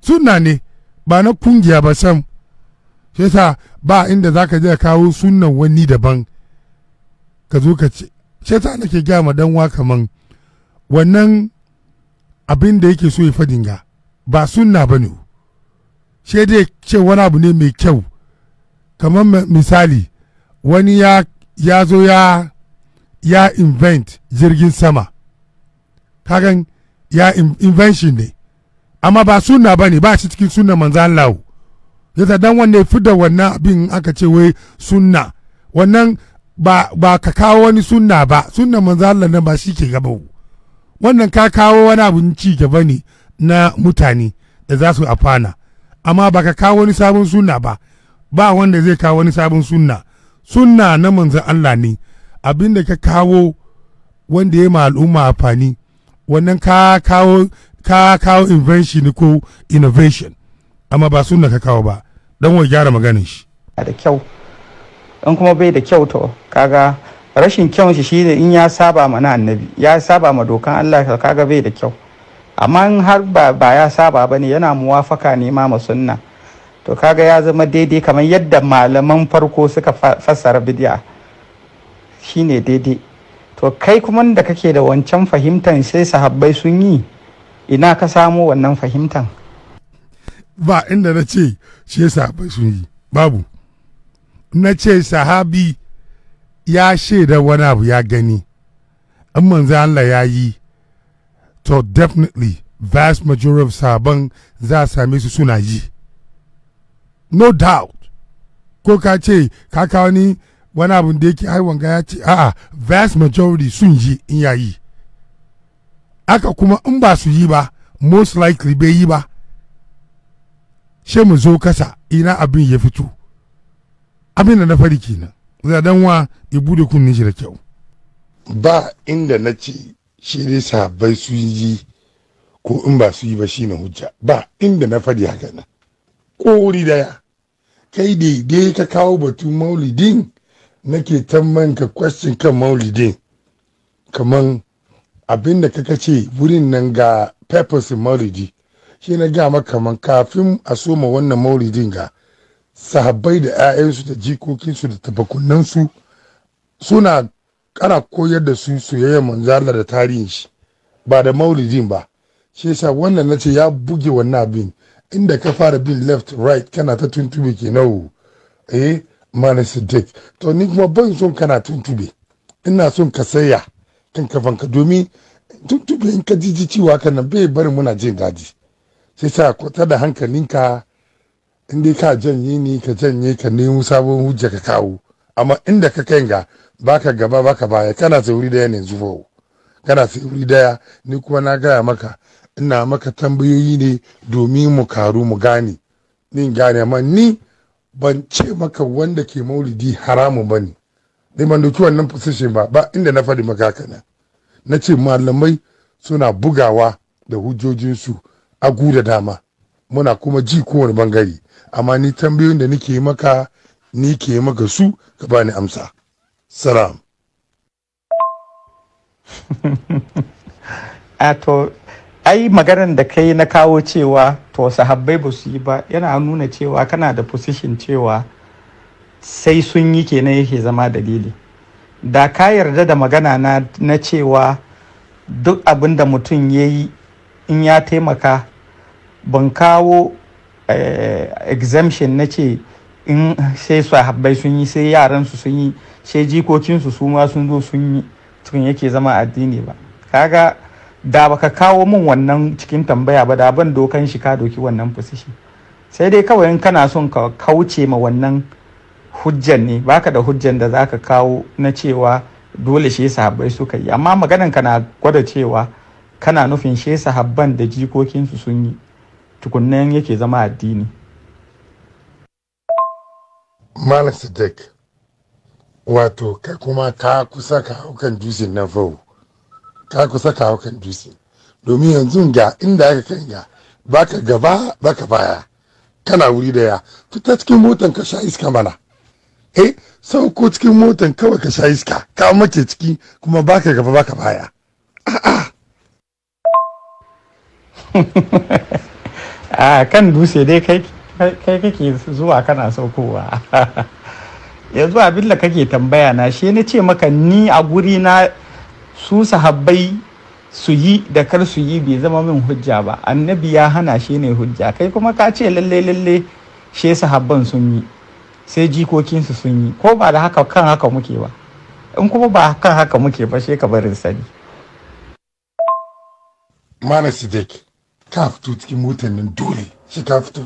suna ne ba na kungiya ba sam shi ba inda za ka je kawo sunan wani daban ka zo ka ce shi ta nake gaya ma dan waka kaman wannan abin da yake so ya fadin ga ba sunna ba ne shi dai ce wani abu ne mai kyau kamar misali wani ya, ya zo ya ya invent jirgin sama kagan ya invention ne amma ba sunna ba ne ba shi cikin sunna manzan lawo yadda dan wanda ya fi da wannan abin aka ce wai sunna wannan ba ba ka kawo wani sunna ba sunna manzo Allah nan ba shi ke gaba wannan ka kawo wani abu ci gaba ne na mutane da za su afana amma ba ka kawo wani sabon sunna ba ba wanda zai kawo wani sabon sunna sunna na manzo Allah ne abinda ka kawo wanda ya ma al'umma amfani wannan ka kawo ka kawo invention ko innovation amma ba sunna ka kawo ba dan wai gyara maganin shi da kyau in kuma bai da kyau to kaga rashin kyau shi shine in ya saba ma na annabi ya saba ma dokan Allah ka kaga bai da kyau amma in har ba, ba ya saba ba ne yana muwafaka ne ma sunna to kaga ya zama daidai kamar yadda malaman farko suka fassara bidiya shine daidai to kai kuma da kake da wancan fahimtan sai sahabbai sun yi ina ka samo wannan fahimtan ba inda na ce shi sahabbai sun yi babu na ce sahabi ya shaida wani abu ya gani in manzo Allah ya yi to definitely vast majority of sahaban za a same su suna yi no doubt ko ka ce ka kawo ni wani abu da yake haiwan ga ya ce a'a vast majority sun yi in ya yi aka kuma in ba su yi ba most likely bai yi ba she mu zo kasa ina abin ya fito abin da na fari kenan dan wa ya bude kunni shi da kyau ba inda na ce shi ne sahabbai su yi ko in ba su yi ba shi na hujja ba inda na fadi haka nan kori daya kai daidai ka kawo batu maulidin nake tamman ka kwastin kan maulidin kaman abin da kaka ce wurin nan ga purpose maulidi shi na ga kaman kafin a soma wannan maulidin ga sahabbai da 'ya'yansu da jikokinsu da tabakunansu suna ana koyar da su soyayyar manzala da tarihin shi ba da maulidin ba shi yasa wannan nace ya buge wannan abin inda ka fara bin left right kana ta tuntube kenan eh mana siddiq to ni kuma ban son kana tuntube ina son ka saya kan kafanka domin tuntube in ka jiji ciwa kana bai bari muna jin daji sai sa ta da hankalinka in dai ka janye ni ka janye ka nemo sabon hujja ka kawo amma inda ka kai ga baka gaba baka baya kana wuri daya ne zuwa kana wuri daya ni kuma na gaya maka ina maka tambayoyi ne domin mu karu mu gane ni gane amma ni ban ce maka wanda ke maulidi haramu ba ne dai ban dauki wannan position ba ba inda na faɗi maka kana na ce malamai suna bugawa da hujjojinsu a da dama muna kuma ji kowane bangare amma ni tambayoyin da nike maka ni ke maka su ka bani amsa salam ato ai maganar da kai na kawo cewa to sahabbai ba su yi ba yana nuna cewa kana da position cewa sai sun yi kenan yake zama dalili da ka yarda da magana na, na cewa duk abin da mutum ya yi in ya taimaka ban kawo eh, exemption na ce in sai habbai sun yi sai yaransu sun yi sai jikokinsu su ma sun zo sun yi tun yake zama addini ba kaga da baka kawo min wannan cikin tambaya ba da ban dokan shi ka doki wannan fusishi sai dai kawai in kana son ka kauce ma wannan hujjan ne baka da hujjan da zaka kawo na cewa dole shi sahabbai suka yi amma maganan kana gwada cewa kana nufin shi sahabban da jikokinsu sun yi tukunnan yake zama addini malam Sadiq, wato kai kuma ka kusa ka haukan dusin na fau ka kusa ka haukan dusin domin yanzu ga inda aka kan ga baka gaba baka baya kana wuri da ya fita cikin motan ka sha iska mana eh ko cikin motan kawai ka sha iska ka mace ciki kuma baka gaba baka baya a'a a kan dutse dai kai kake zuwa kana saukowa yanzu abin da kake tambaya na shi na ce maka ni a guri na su sahabbai su yi da kar su yi bai zama min hujja ba annabi ya hana shi ne hujja kai kuma ka ce lalle lalle shi sahabban sun yi sai jikokinsu sun yi ko ba da haka kan haka muke ba in kuma ba kan haka muke ba shi ka barin sani mana ka fito cikin motar nan dole shi ka fito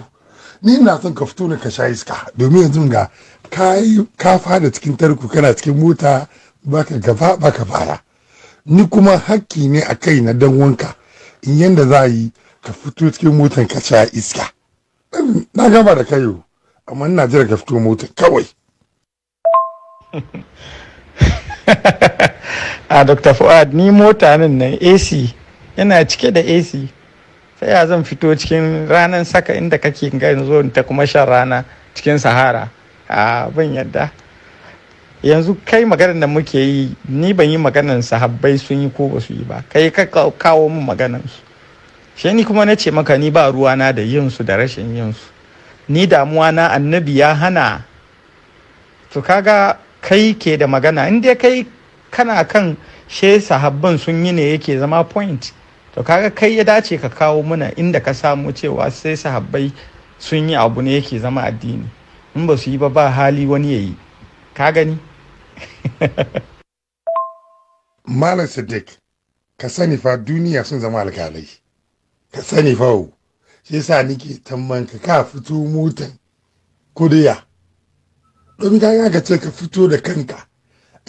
ni ina son ka fito ne ka sha iska domin yanzu ga ka fada cikin tarku kana cikin mota baka gaba baka fara. ni kuma hakki ne a kai na dan wanka in yanda za yi ka fito cikin motar ka sha iska na gaba da kayo amma ina jira ka fito motar kawai a dr fuad ni mota nan nan ac yana cike da ac sai ya zan fito cikin ranar saka inda kake gani zo ta kuma shan rana cikin sahara a ban yadda yanzu kai maganar da muke yi ni ban yi maganar sahabbai sun yi ko ba su yi ba kai ka kawo min maganar su shi ni kuma na ce maka ni ba ruwana da yin su da rashin yin su ni damuwa na annabi ya hana to kaga kai ke da magana inda kai kana kan she sahabban sun yi ne yake zama point to kaga kai ya dace ka kawo mana inda ka samu cewa sai sahabbai sun yi abu ne yake zama addini in ba su yi ba ba hali wani ya yi ka gani malam sadiq ka sani fa duniya sun zama alkalai ka sani fa o shi yasa nike tamman ka ka fito motan kudiya domin ka ka ce ka fito da kanka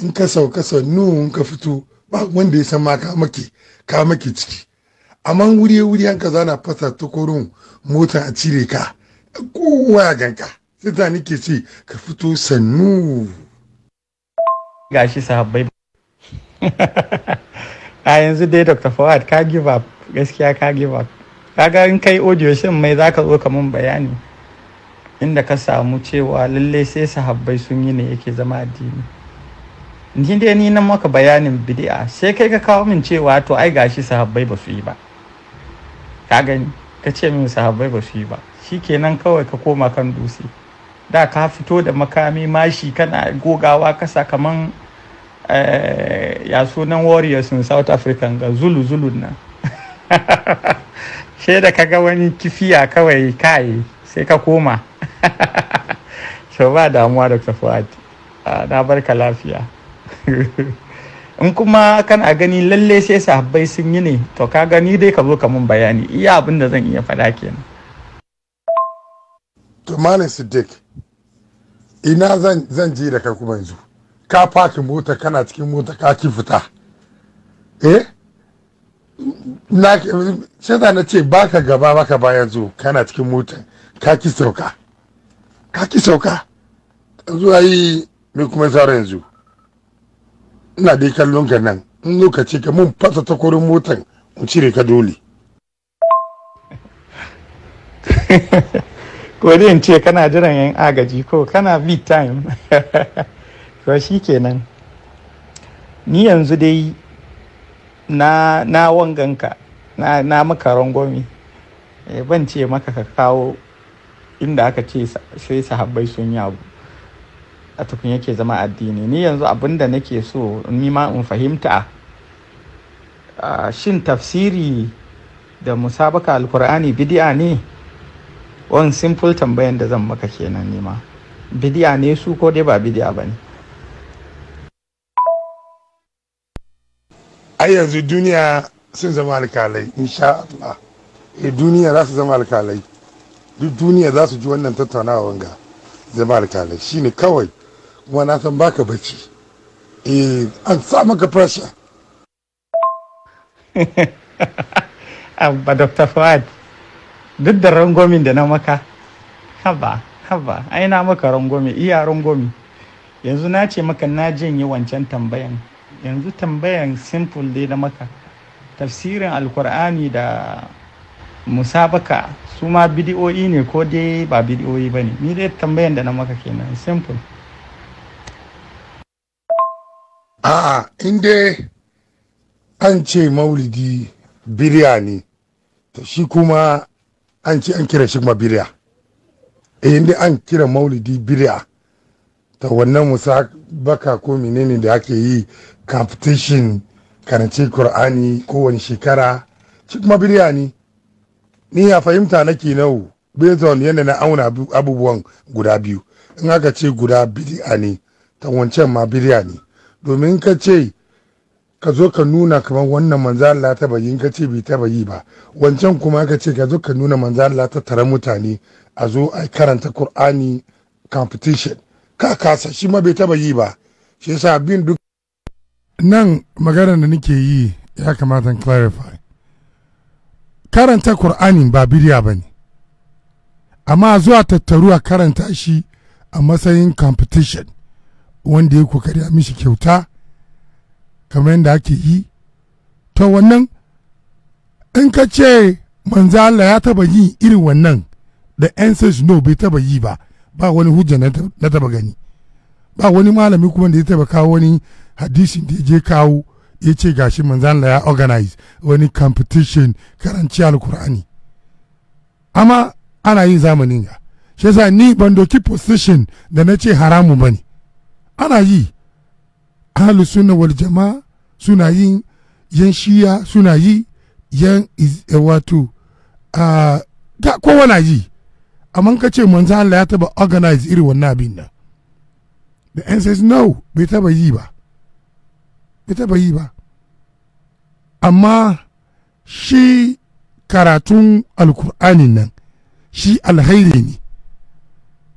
in ka sauka sannu in ka fito ba wanda ya san ma ka maki ka maki ciki Aman wuri wuri yanka zana fasa tukurun mota a cire ka kowa ya ganka sai ta nike ce ka fito sannu gashi sahabbai a yanzu dai dr fawad ka give up gaskiya ka give up ga in kai audio shin mai ka zo ka mun bayani inda ka samu cewa lalle sai sahabbai sun yi ne yake zama addini ni dai ni nan maka bayanin Bidi'a, sai kai ka kawo min cewa to ai gashi sahabbai ba su yi ba ka gani ka ce min sahabbai ba su yi ba shi kenan kawai ka koma kan dutse da ka fito da makami mashi kana gogawa kasa kaman eh, ya sunan warriors in south africa ga zulu zulun nan sai da ga wani kifiya kawai kai sai ka koma so ba damuwa da fuad ah, na barka lafiya in kuma kana gani lalle sai sahabbai sun yi ne to ka gani dai ka zo ka mun bayani iya abin da zan iya faɗa kenan to malam siddiq ina zan zan ji da kai kuma yanzu ka faki mota kana cikin mota ka ki fita eh na sai na ce baka gaba baka ba yanzu kana cikin mota ka ki sauka ka ki sauka zuwa yi me kuma sauran yanzu ina dai kallon ka nan in lokaci ka mun fasa kurin motan in cire ka dole ko in ce kana jiran yan agaji ko kana big time to shi kenan ni yanzu dai na na wanganka na na maka rangwami eh, ban ce maka ka kawo inda aka ce sai sahabbai sun yi abu tukun yake zama addini ni yanzu abin da nake so ni ma in fahimta shin tafsiri da musabaka alkur'ani bidiya ne wan simple tambayan da zan maka kenan ni ma bidiya ne su ko dai ba bidiya ba ne a yanzu duniya sun zama alkalai insha Allah e duniya za su zama alkalai duk duniya za su ji wannan tattaunawa wanga zama alkalai shine kawai kuma na san baka bacci eh an sa maka pressure abba dr fawad duk da rangomin da na maka haba haba ai na maka rangomi iya rangomi yanzu na ce maka na janye wancan tambayan yanzu tambayan simple dai na maka tafsirin alkur'ani da musabaka su ma bidiyoyi ne ko dai ba bidiyoyi ba ne ni dai tambayan da na maka kenan simple a'a in dai an ce maulidi biriya ne to shi kuma an an kira shi kuma birya eh inda an kira maulidi biriya ta wannan musa baka ko menene da ake yi competition karance kur'ani kowane shekara shi kuma biriya ne ni ya fahimta nake nau based on yadda na auna abubuwan guda biyu in aka ce guda biriya ne ta wancan ma biriya ne domin ka ce ka zo ka nuna kamar wannan manzo Allah ta bayin ka ce bai taba yi ba wancan kuma ka ce ka zo ka nuna manzo Allah ta tara mutane a zo a karanta Qur'ani competition ka kasa shi ma bai taba yi ba shi yasa bin duk nan magana da nake yi ya kamata clarify karanta Qur'ani ba bidiya bane amma zuwa tattaru a karanta shi a matsayin competition wanda ya kokari a mishi kyauta kamar yadda ake yi to wannan in ka ce Allah ya taba yi irin wannan da ancestors no bai taba yi ba ba wani hujja na taba gani ba wani malami kuma da ya taba kawo wani hadisin da ya je kawo ya ce gashi manzo Allah ya organize wani competition karanci alkur'ani amma ana yin zamanin ga shi yasa ni ban doki position da na ce haramu bane ana yi ahalus suna wal jama'a suna yin yan shiya suna yi yan eh, wato a kowa na yi amma ka ce manzo Allah ya taba organize irin wannan abin nan the answer is no bai taba yi ba bai taba yi ba amma shi karatun alkur'ani nan shi alhairi ne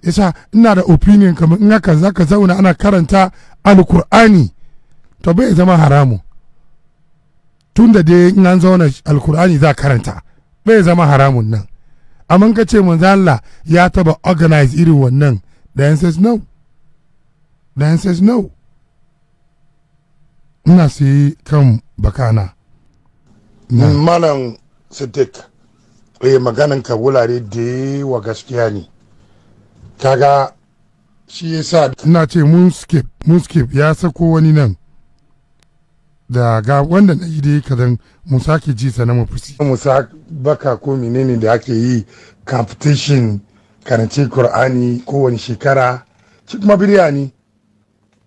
yasa ina da opinion kamar in haka zaka zauna ana karanta alkur'ani to bai zama haramu tun da dai in an zauna alkur'ani za karanta bai zama haramun nan amma ka ce manzo Allah ya taba organize irin wannan the answer is no the answer is no ina sai kan bakana malam siddiq eh maganan ka wulare da wa gaskiya ne kaga shi ya yasa ina ce moonscape moonscape ya sako wani nan da ga wanda na yi dai kadan musa ke ji sana na fusi baka ko menene da ake yi competition karance qur'ani kowane shekara shi kuma biryani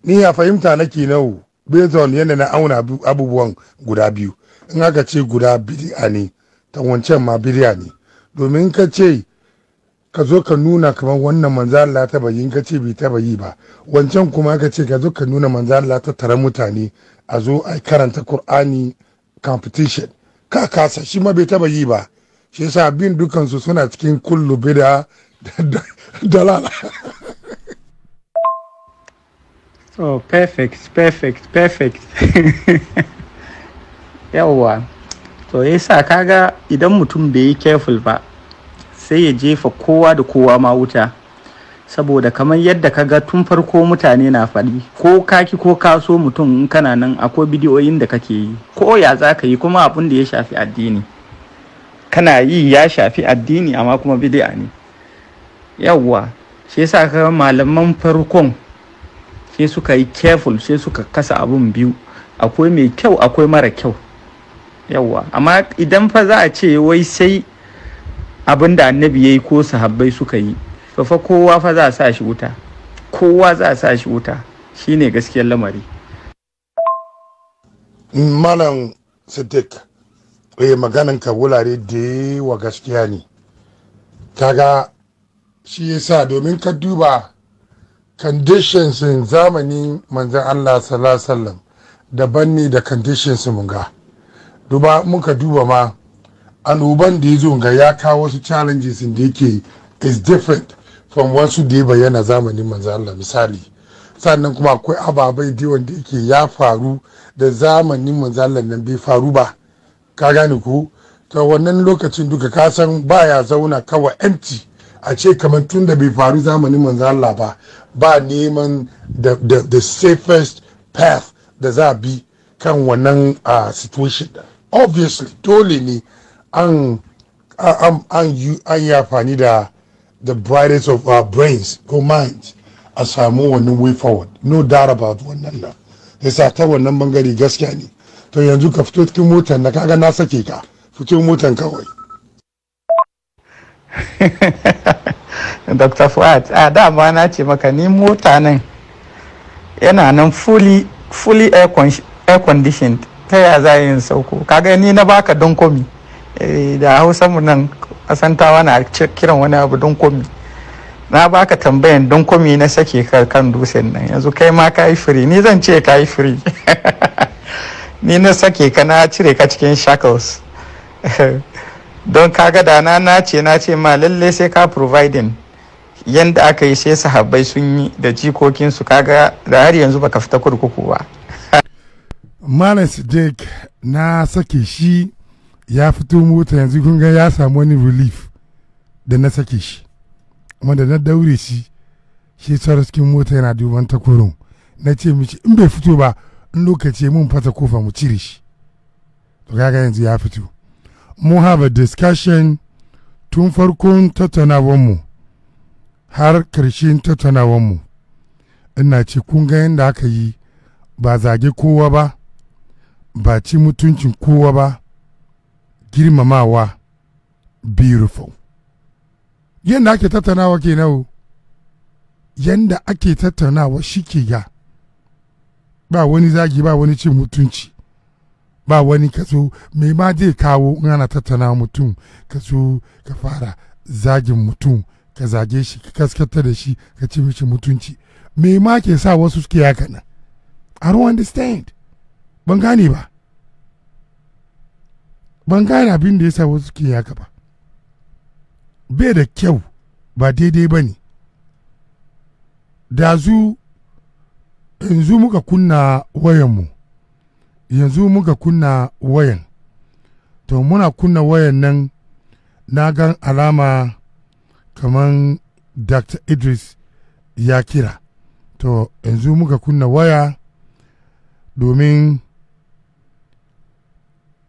ni ya fahimta na nau based on yadda na auna abubuwan guda biyu in aka ce guda bidi'a ne ta wancan ma biryani ne domin ka ce ka zo ka nuna kamar wannan manzo Allah ta bayi ka ce bai taba yi ba wancan kuma ka ce ka zo ka nuna manzo Allah ta tare mutane a zo a karanta kur'ani competition ka kasa shi ma bai taba yi ba shi yasa bin dukansu suna cikin kullu bida dalala oh perfect perfect perfect yawwa to yasa kaga idan mutum bai yi careful ba sai ya jefa kowa da kowa ma wuta saboda kamar yadda ka ga tun farko mutane na faɗi ko kaki ko kaso mutum in kana nan akwai bidiyoyin da kake yi ko ya za ka yi kuma abin da ya shafi addini kana yi ya shafi addini amma kuma bidiya ne yawwa shi yasa ka malaman farkon sai suka yi careful sai suka kasa abun biyu akwai mai kyau akwai mara kyau yawwa amma idan fa za a ce wai sai abin da annabi ya yi ko sahabbai suka yi fa kowa fa za a sa shi wuta kowa za a sa shi wuta shi ne gaskiyar lamari malam sadiq eh maganin ka wulare da wa gaskiya ne kaga shi yasa domin ka duba conditions zamanin manzan Allah sallallahu daban ne da conditions mun ga duba muka duba ma annoban da ya zo ga ya kawo wasu challenges da yake is different from wasu da ya bayyana zamanin manzo Allah misali sannan kuma akwai ababai da wanda yake ya faru da zamanin manzo Allah nan bai faru ba ka gane ko ta wannan lokacin duka ka san ya zauna kawai empty a ce kamar tun da bai faru zamanin manzo Allah ba ba neman the, safest path da za a bi kan wannan uh, situation obviously dole ne an an yi amfani da the brightest of our brains ko minds a samu wannan way forward no doubt about wannan nan da sa ta wannan bangare gaskiya ne to yanzu ka fito cikin motar na kaga na sake ka fito motar kawai dr fuad a dama na ce maka ni mota nan yana nan fully fully air conditioned ta yaya za yin sauko kaga ni na baka don komi Eh, da hausa mu nan asantawa na kiran wani abu don komi na baka tambayan komi na sake kan dusen nan yanzu kai ma ka yi firi ni zan ce ka yi firi ni na sake ka na cire ka cikin shackles don kaga da na na ce na ce ma lalle sai ka providing yanda aka yi sai sahabbai sun yi da jikokinsu kaga da har yanzu baka fita kurkuku ba malam siddiq na sake shi ya fito mota yanzu kun ga ya samu wani relief da na sake shi amma da na daure shi shi tsara cikin mota yana duban takwaron na ce mishi in bai fito ba in lokaci mun fata kofa mu cire shi to kaga yanzu ya fito mu have a discussion tun farkon mu har ƙarshen mu ina ce kun ga yadda aka yi ba zage kowa ba ba ci mutuncin kowa ba girmamawa beautiful yadda ake tattaunawa ke nawo yadda ake tattaunawa shi ke ga ba wani zagi ba wani cin mutunci ba wani kaso mai ma zai kawo in ana tattaunawa mutum kaso ka fara zagin mutum ka zage shi ka kaskata da shi ka ci mishi mutunci me ma ke sa wasu suke yakana i don't understand ban gane ba ban gane abin da ya sa wasu suke yaka ba bai da kyau ba daidai ba ne da zu yanzu muka kunna wayanmu yanzu muka kunna wayan to muna kunna wayan nan na gan alama kaman dr idris ya kira to yanzu muka kunna waya domin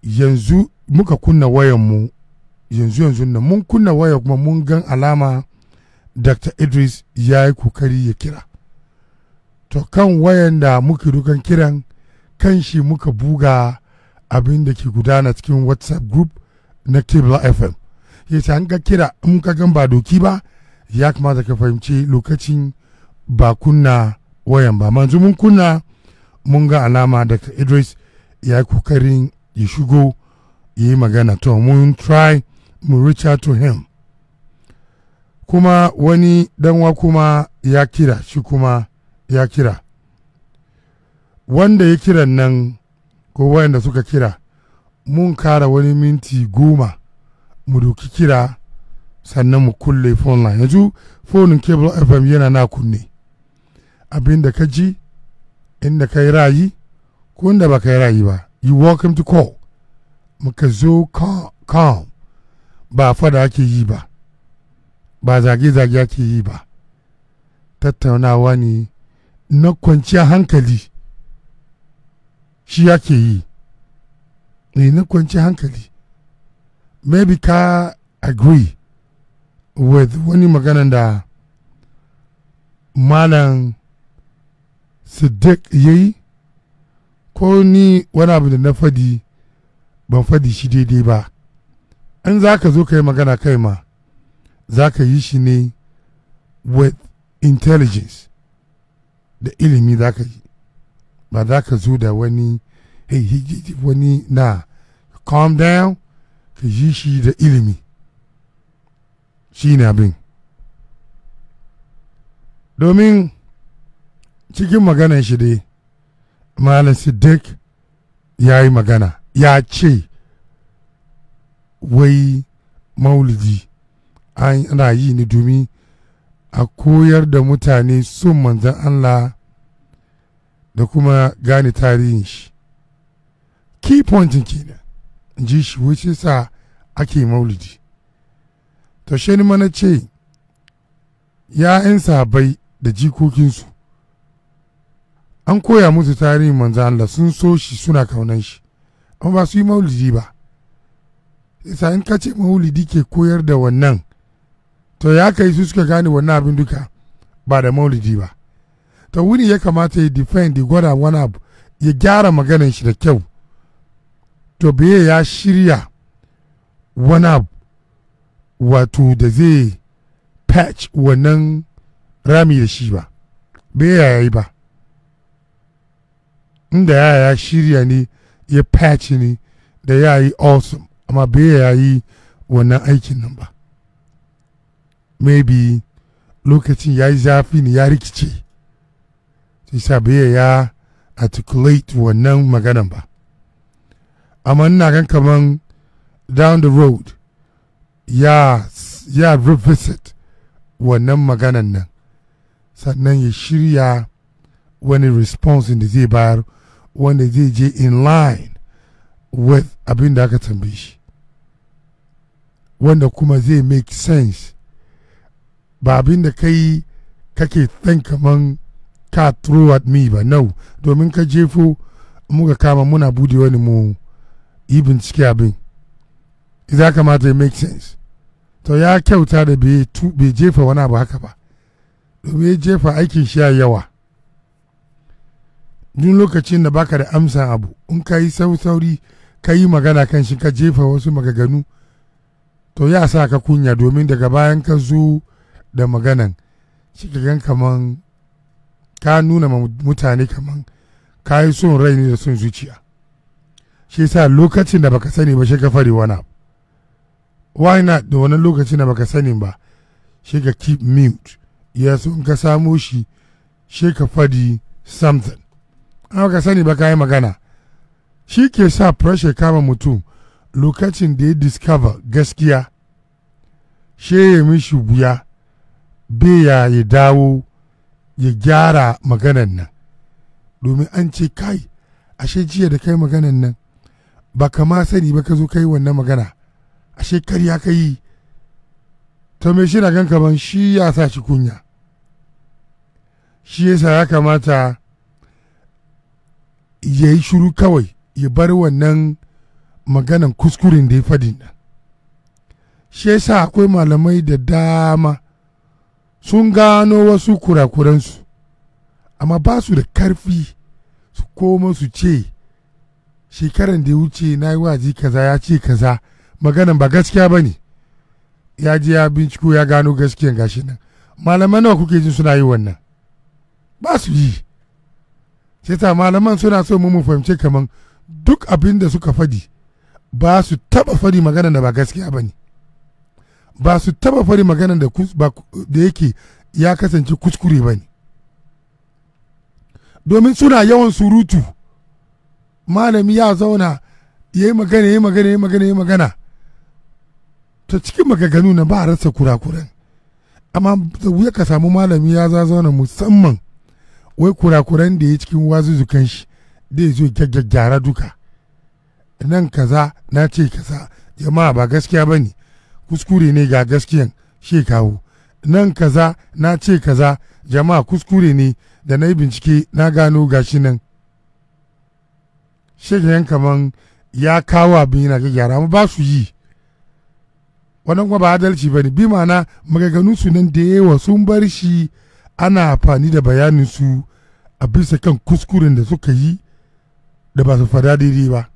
yanzu muka kunna wayanmu yanzu yanzu nan mun kunna waya kuma mun gan alama dr idris ya yi kokari ya kira to kan wayan da muka dukan kiran kan shi muka buga abin da ke gudana cikin whatsapp group na cable fm ya ce an ka kira in ka gan ba doki ba ya kamata ka fahimci lokacin ba kunna wayan ba manzu mun kunna mun ga alama dr idris ya yi kokarin ya shigo yi magana to mun try mu reach out to him kuma wani danwa kuma ya kira shi kuma ya kira wanda ya kiran nan ko wanda suka kira mun kara wani minti goma mu doki kira sannan mu kulle phone line yanzu fonin cable fm yana na kunne abinda ka ji inda ka yi rayi ko inda ba ka yi rayi ba you welcome to call muka zo calm ba fada ake yi ba ba zage-zage ake yi ba tattaunawa ne na kwanciyar hankali shi ake yi ne na kwanciyar hankali maybe ka agree with wani maganan da malam siddiq yayi yi ko ni wani abu da na fadi ban faɗi shi daidai ba in za ka zo ka yi magana kai ma za ka yi shi ne with intelligence da ilimi za ka yi ba za ka zo da wani wani na calm down ka yi shi da ilimi shi ne abin domin cikin maganan shi dai malam siddiq ya yi magana ya ce wai maulidi ana yi ne domin a koyar da mutane sun manzan Allah da kuma gane tarihin shi key pointin kenan ji shi wuce sa ake maulidi to shi ni mana ce ‘ya'yan sabai da jikokinsu an koya musu tarihin manzan Allah sun so shi suna kaunan shi an ba su yi maulidi ba isa in ka ce maulidi ke koyar da wannan to ya kai su suka gane wannan abin duka ba da maulidi ba to wuni ya kamata ya defend ya gwada wani abu ya gyara maganan shi da kyau to be ya shirya wani abu wato da zai patch wannan rami da shi ba be ya yi ba inda ya ya shirya ne ya faci ne da ya yi awesome amma bai ya yi wannan aikin nan ba maybe lokacin ya yi zafi ne ya rikice sa bai ya articulate wannan maganan ba amma ina gan kaman down the road ya ya revisit wannan maganan nan sannan ya shirya wani response da zai bayar wanda zai je in line with abin da aka tambaye shi wanda kuma zai make sense ba abin da kai kake think kaman ka throw at me ba no domin ka jefo muka kama muna bude wani mu yi bincike abin za kamata ya make sense to ya kyauta da bai jefa wani abu haka ba domin ya jefa aikin shi yawa duk lokacin da baka da amsa abu in ka yi sauri ka yi magana kan shi ka jefa wasu magaganu to ya sa ka kunya domin daga bayan ka zo da maganan shi ka gan kaman ka nuna mutane kaman ka yi son rai ne da son zuciya shi sa lokacin da baka sani ba shi ka fare wani abu why not da wani lokacin da baka sani ba shi ka keep mute ya so ka samo shi shi ka fadi something an ka sani ba ka magana shi ke sa pressure kama mutum lokacin da ya discover gaskiya she ya mishi wuya beya ya dawo ya gyara maganan nan domin an ce kai ashe jiya da kai maganan nan ba kama sani ba ka zo kai wannan magana ashe karya ka yi ta mai shi gan kaman shi ya sa shi kunya shi yasa ya kamata ya yi shiru kawai ya bar wannan maganan kuskurin da ya faɗi nan shi yasa akwai malamai da dama sun gano wasu kurakuransu amma ba su da karfi su koma su ce shekaran da ya wuce na yi waje kaza ya ce kaza maganan ba gaskiya ba ne ya je ya binciko ya gano gaskiyan gashi nan malamai nawa kuke jin suna yi wannan ba su yi shi ta malaman suna so mu mu fahimci kaman duk abin da suka fadi ba su taba fadi magana da ba gaskiya ba ne ba su taba fadi magana da yake ya kasance kuskure ba ne domin suna yawan surutu malami ya zauna ya yi magana ya yi magana ya yi magana ya magana ta cikin magaganu na ba a rasa kurakuran amma da wuya ka samu malami ya zauna musamman wai kurakuran da ya cikin wazuzukan shi zai zo gyaggyara duka nan kaza na ce kaza jama'a ba gaskiya ba ne kuskure ne ga gaskiyan shi nan kaza na ce kaza jama'a kuskure ne da na yi bincike na gano gashi nan shekayen kaman ya kawo abin yana gyaggyara ba su yi wannan kuma ba adalci ba ne bi ma'ana magaganu nan da yawa sun bar shi ana amfani da bayanin su a bisa kan kuskuren da suka yi da ba su fada daidai ba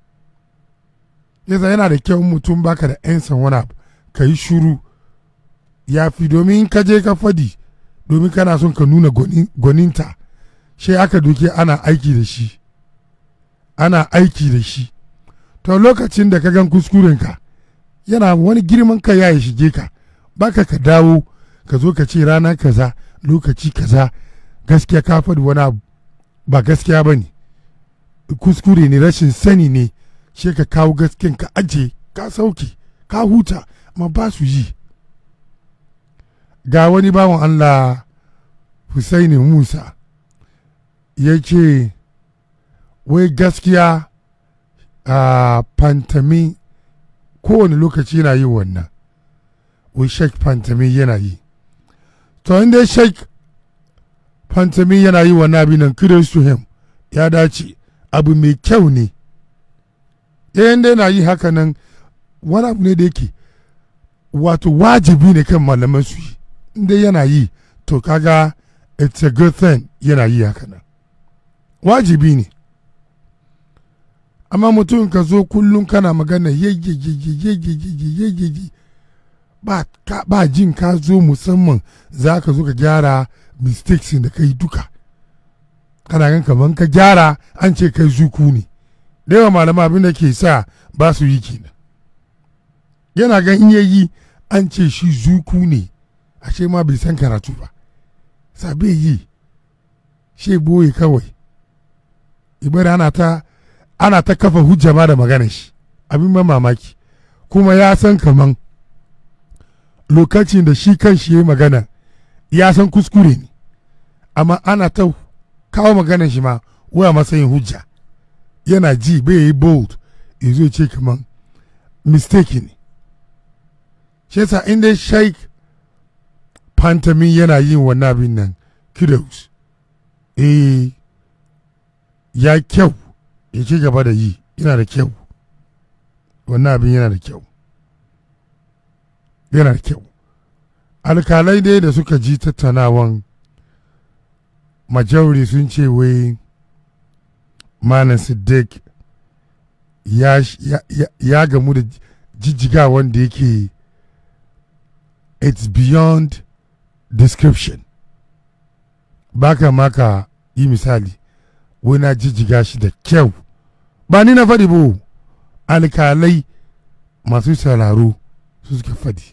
yasa yana da kyau mutum baka da 'yan wani abu ka yi shuru ya fi domin ka je ka fadi domin kana son ka nuna gwaninta shi aka duke ana aiki da shi ana aiki da shi to lokacin da ka gan ka yana wani girman ka ya shige ka baka ka dawo ka zo ka ce rana kaza lokaci kaza gaskiya ka fadi wani abu ba gaskiya ba ne kuskure ne rashin sani ne shi ka kawo gasken ka aje ka sauke ka huta amma ba su yi ga wani bawan allah Hussaini musa ya ce wai gaskiya a pantami kowane lokaci yana yi wannan wai sheik pantami yana yi to inda sheik fantami yana yi wa nabi nan kudos ya dace abu mai kyau ne ɗayan eh, dai na yi haka nan wani abu ne da yake wato wajibi ne kan malaman su yi inda yana yi to kaga it's a good thing yana yi haka nan wajibi ne amma mutum ka zo kullum kana magana yayyayyayyayyayyayyayi ba jin ka zo musamman za ka zo ka gyara mistakes da yi duka kana gan kaman ka gyara an ce kai zuku ne da yawa malama abin da ke sa ba su yi kenan yana gan in yayi an ce shi zuku ne ashe ma bai san karatu ba sabe yi she boye kawai ibar ana ta ana ta kafa hujja ma da maganar shi abin ba mamaki kuma ya san kaman lokacin da shi kan shi ya magana ya san kuskure ne amma ana ta kawo maganin shi ma waya matsayin hujja yana ji bai yi bold ya zo ce kaman mistake ne shi yasa inda dai sheik pantamin yana yin wannan abin nan kudos eh ya kyau ya ci gaba da yi yana da kyau wannan abin yana da kyau yana da kyau alkalai dai da suka ji tattanawan majauri sun ce wai manasi Dick ya, ya, gamu da jijjiga wanda yake it's beyond description baka maka yi misali wani na jijjiga shi da kyau ba ni na faɗi ba alkalai masu sauraro su suka faɗi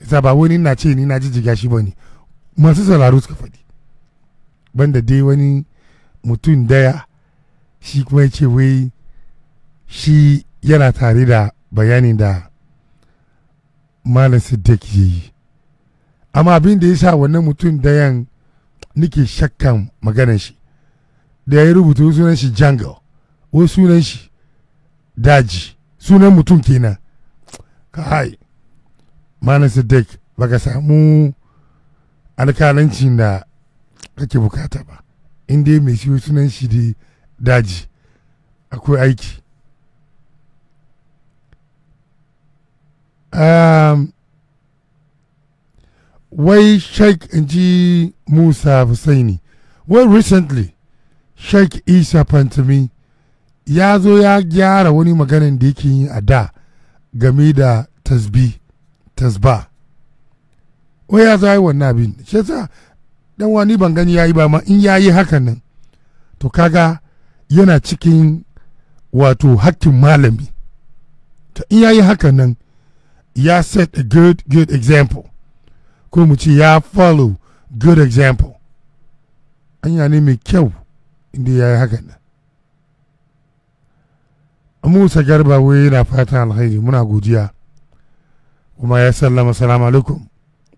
isa ba wani na ce ni na jijjiga shi ba ne masu sauraro suka faɗi banda dai wani mutum daya shi kuma ya ce wai shi yana tare da bayani da malam siddiq ya yi amma abin da ya sa wannan mutum dayan nake shakkan maganar shi da ya rubuta sunan shi jungle wai sunan shi daji sunan mutum kenan kai malam siddiq baka samu alkalancin da kake bukata ba in dai mai shi sunan shi da daji akwai aiki um, wai sheik in ji musa Hussaini wai recently sheik isa pantami ya zo ya gyara wani maganin da yake yi a da game da tasbi tasba wai ya zo yi wannan abin dan wani ban gani yayi ba ma in yayi hakan nan to kaga yana cikin wato hakkin malami to in yayi hakan nan ya set a good good example ko mu ce ya follow good example anya ne mai kyau inda yayi hakan nan Musa Garba wai yana fatan alkhairi muna godiya kuma ya sallama salamu alaikum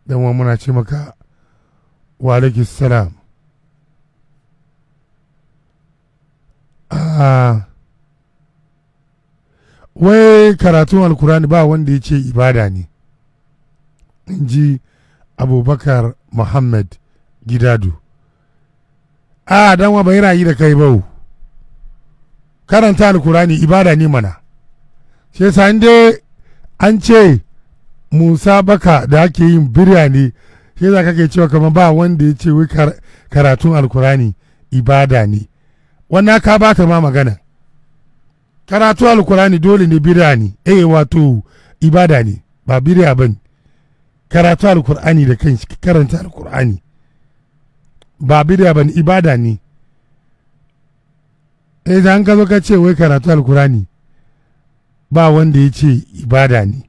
dan muna ce maka wa salam ah. wai karatun alkurani ba wanda ya ce ibada ne in ji abubakar muhammad gidadu a ah, don wa bai rayu da kai bau karanta alkurani ibada ne mana sai yasa dai an ce musa baka da ake yin ne. shi za kake cewa kamar ba wanda ya ce wai karatun alkurani ibada ne wannan ka ba ta ma magana karatu alkurani dole ne bida ne eh wato ibada ne ba bida ba ne karatu alkurani da kanshi karanta alkurani ba bida ba ne ibada ne eh da an ka zo ka ce wai karatu alkurani ba wanda ya ce ibada ne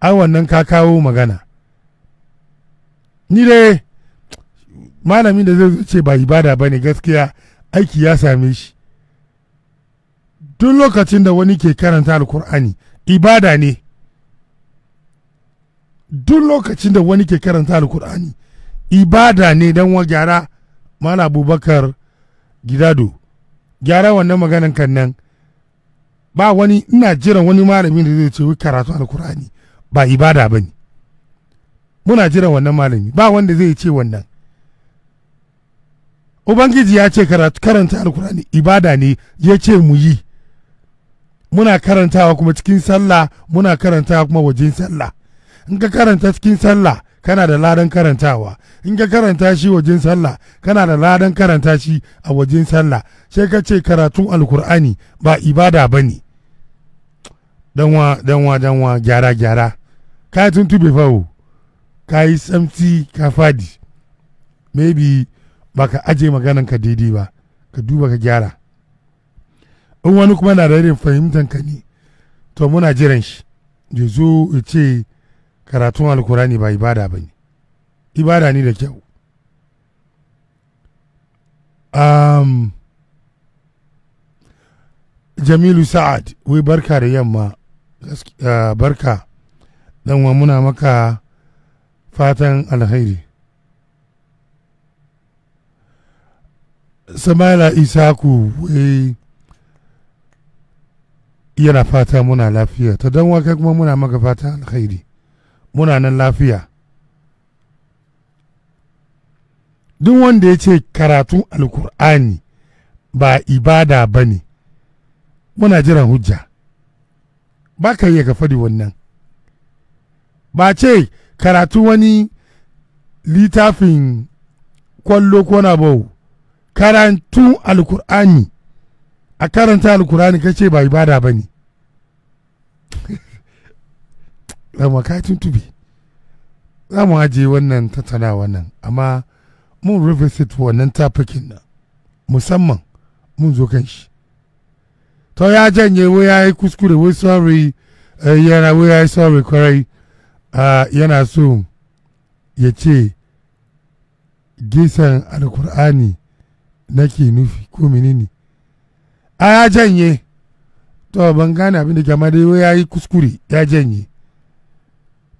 ai wannan ka kawo magana ni dai malamin da zai ce ba ibada ba ne gaskiya aiki ya same shi duk lokacin da wani ke karanta alkur'ani ibada ne duk lokacin da wani ke karanta alkur'ani ibada ne don wa gyara mala abubakar gidado gyara wannan maganan kan nan ba wani ina jiran wani malamin da zai ce karatu alkur'ani ba ibada ba ne muna jiran wannan malami ba wanda zai ce wannan ubangiji ya ce karanta alkurani ibada ne ya ce mu yi muna karantawa kuma cikin sallah muna karantawa kuma wajen sallah in ka karanta cikin sallah kana da ladan karantawa in ka karanta shi wajen sallah kana da ladan karanta shi a wajen sallah sai ka ce karatun alkur'ani ba ibada ba ne danwa danwa danwa gyara gyara ka tuntube fawo ka yi samti ka fadi maybe ba ka aje maganan ka daidai ba ka duba ka gyara in wani kuma na da fahimtar ka ne to muna jiran shi ya zo ya ce karatun alkurani ba ibada ba ne ibada ne da kyau um, jamilu sa'ad wai barka da yamma uh, barka dan muna maka fatan alkhairi sama'ila isaku wai yana fata muna lafiya ta don waka kuma muna maka fata alkhairi muna nan lafiya duk wanda ya ce karatun alkur'ani ba ibada ba ne muna jiran hujja ba ka iya ka fadi wannan ba ce karatu wani littafin kwallo ko na bau karantu alkur'ani a karanta alkur'ani ka ce ba ibada ba ne ka tuntubi za mu ajiye wannan tattaunawa wannan amma mun revisit wannan tafikin nan musamman mun zo kan shi to ya janye wai ya yi kuskure wai sorry eh, yana wai ya yi sorry kwarai uh, yana so ya ce gisan alkur'ani nake nufi ko menene a ya janye to ban gane abin da kyamma dai ya yi kuskure ya janye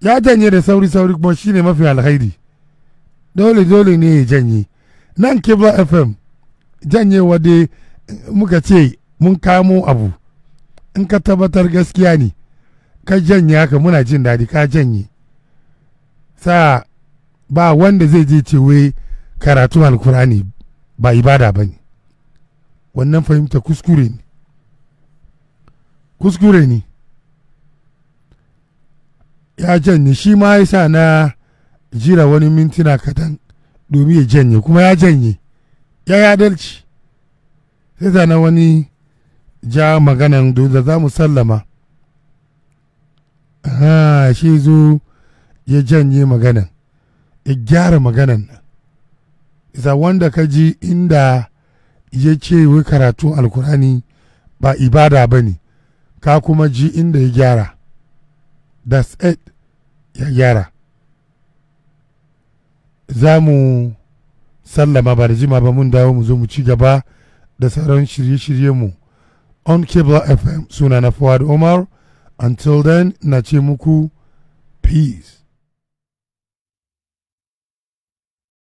ya janye da sauri sauri kuma shine mafi alhaidi dole dole ne ya janye nan kibla fm janye wadda muka ce mun kamo abu in ka tabbatar gaskiya ne ka janye haka muna jin daɗi ka janye sa ba wanda zai je ce wai karatu alkur'ani ba ibada ba ne wannan fahimta kuskure ne kuskure ne ya janye shi ma ya sa na jira wani mintuna kadan domin ya janye kuma ya janye ya yadarci sai na wani ja maganan da za mu sallama ha shi zo ya janye maganan ya gyara maganan nan isa wanda ka ji inda ya ce wai karatu alkur'ani ba ibada ba ne ka kuma ji inda ya gyara that's it ya gyara za mu sallama ba da jima ba mun dawo mu zo mu ci gaba da sauran shirye-shiryenmu on cable fm suna na fawad omar Until then, Nachimuku, peace.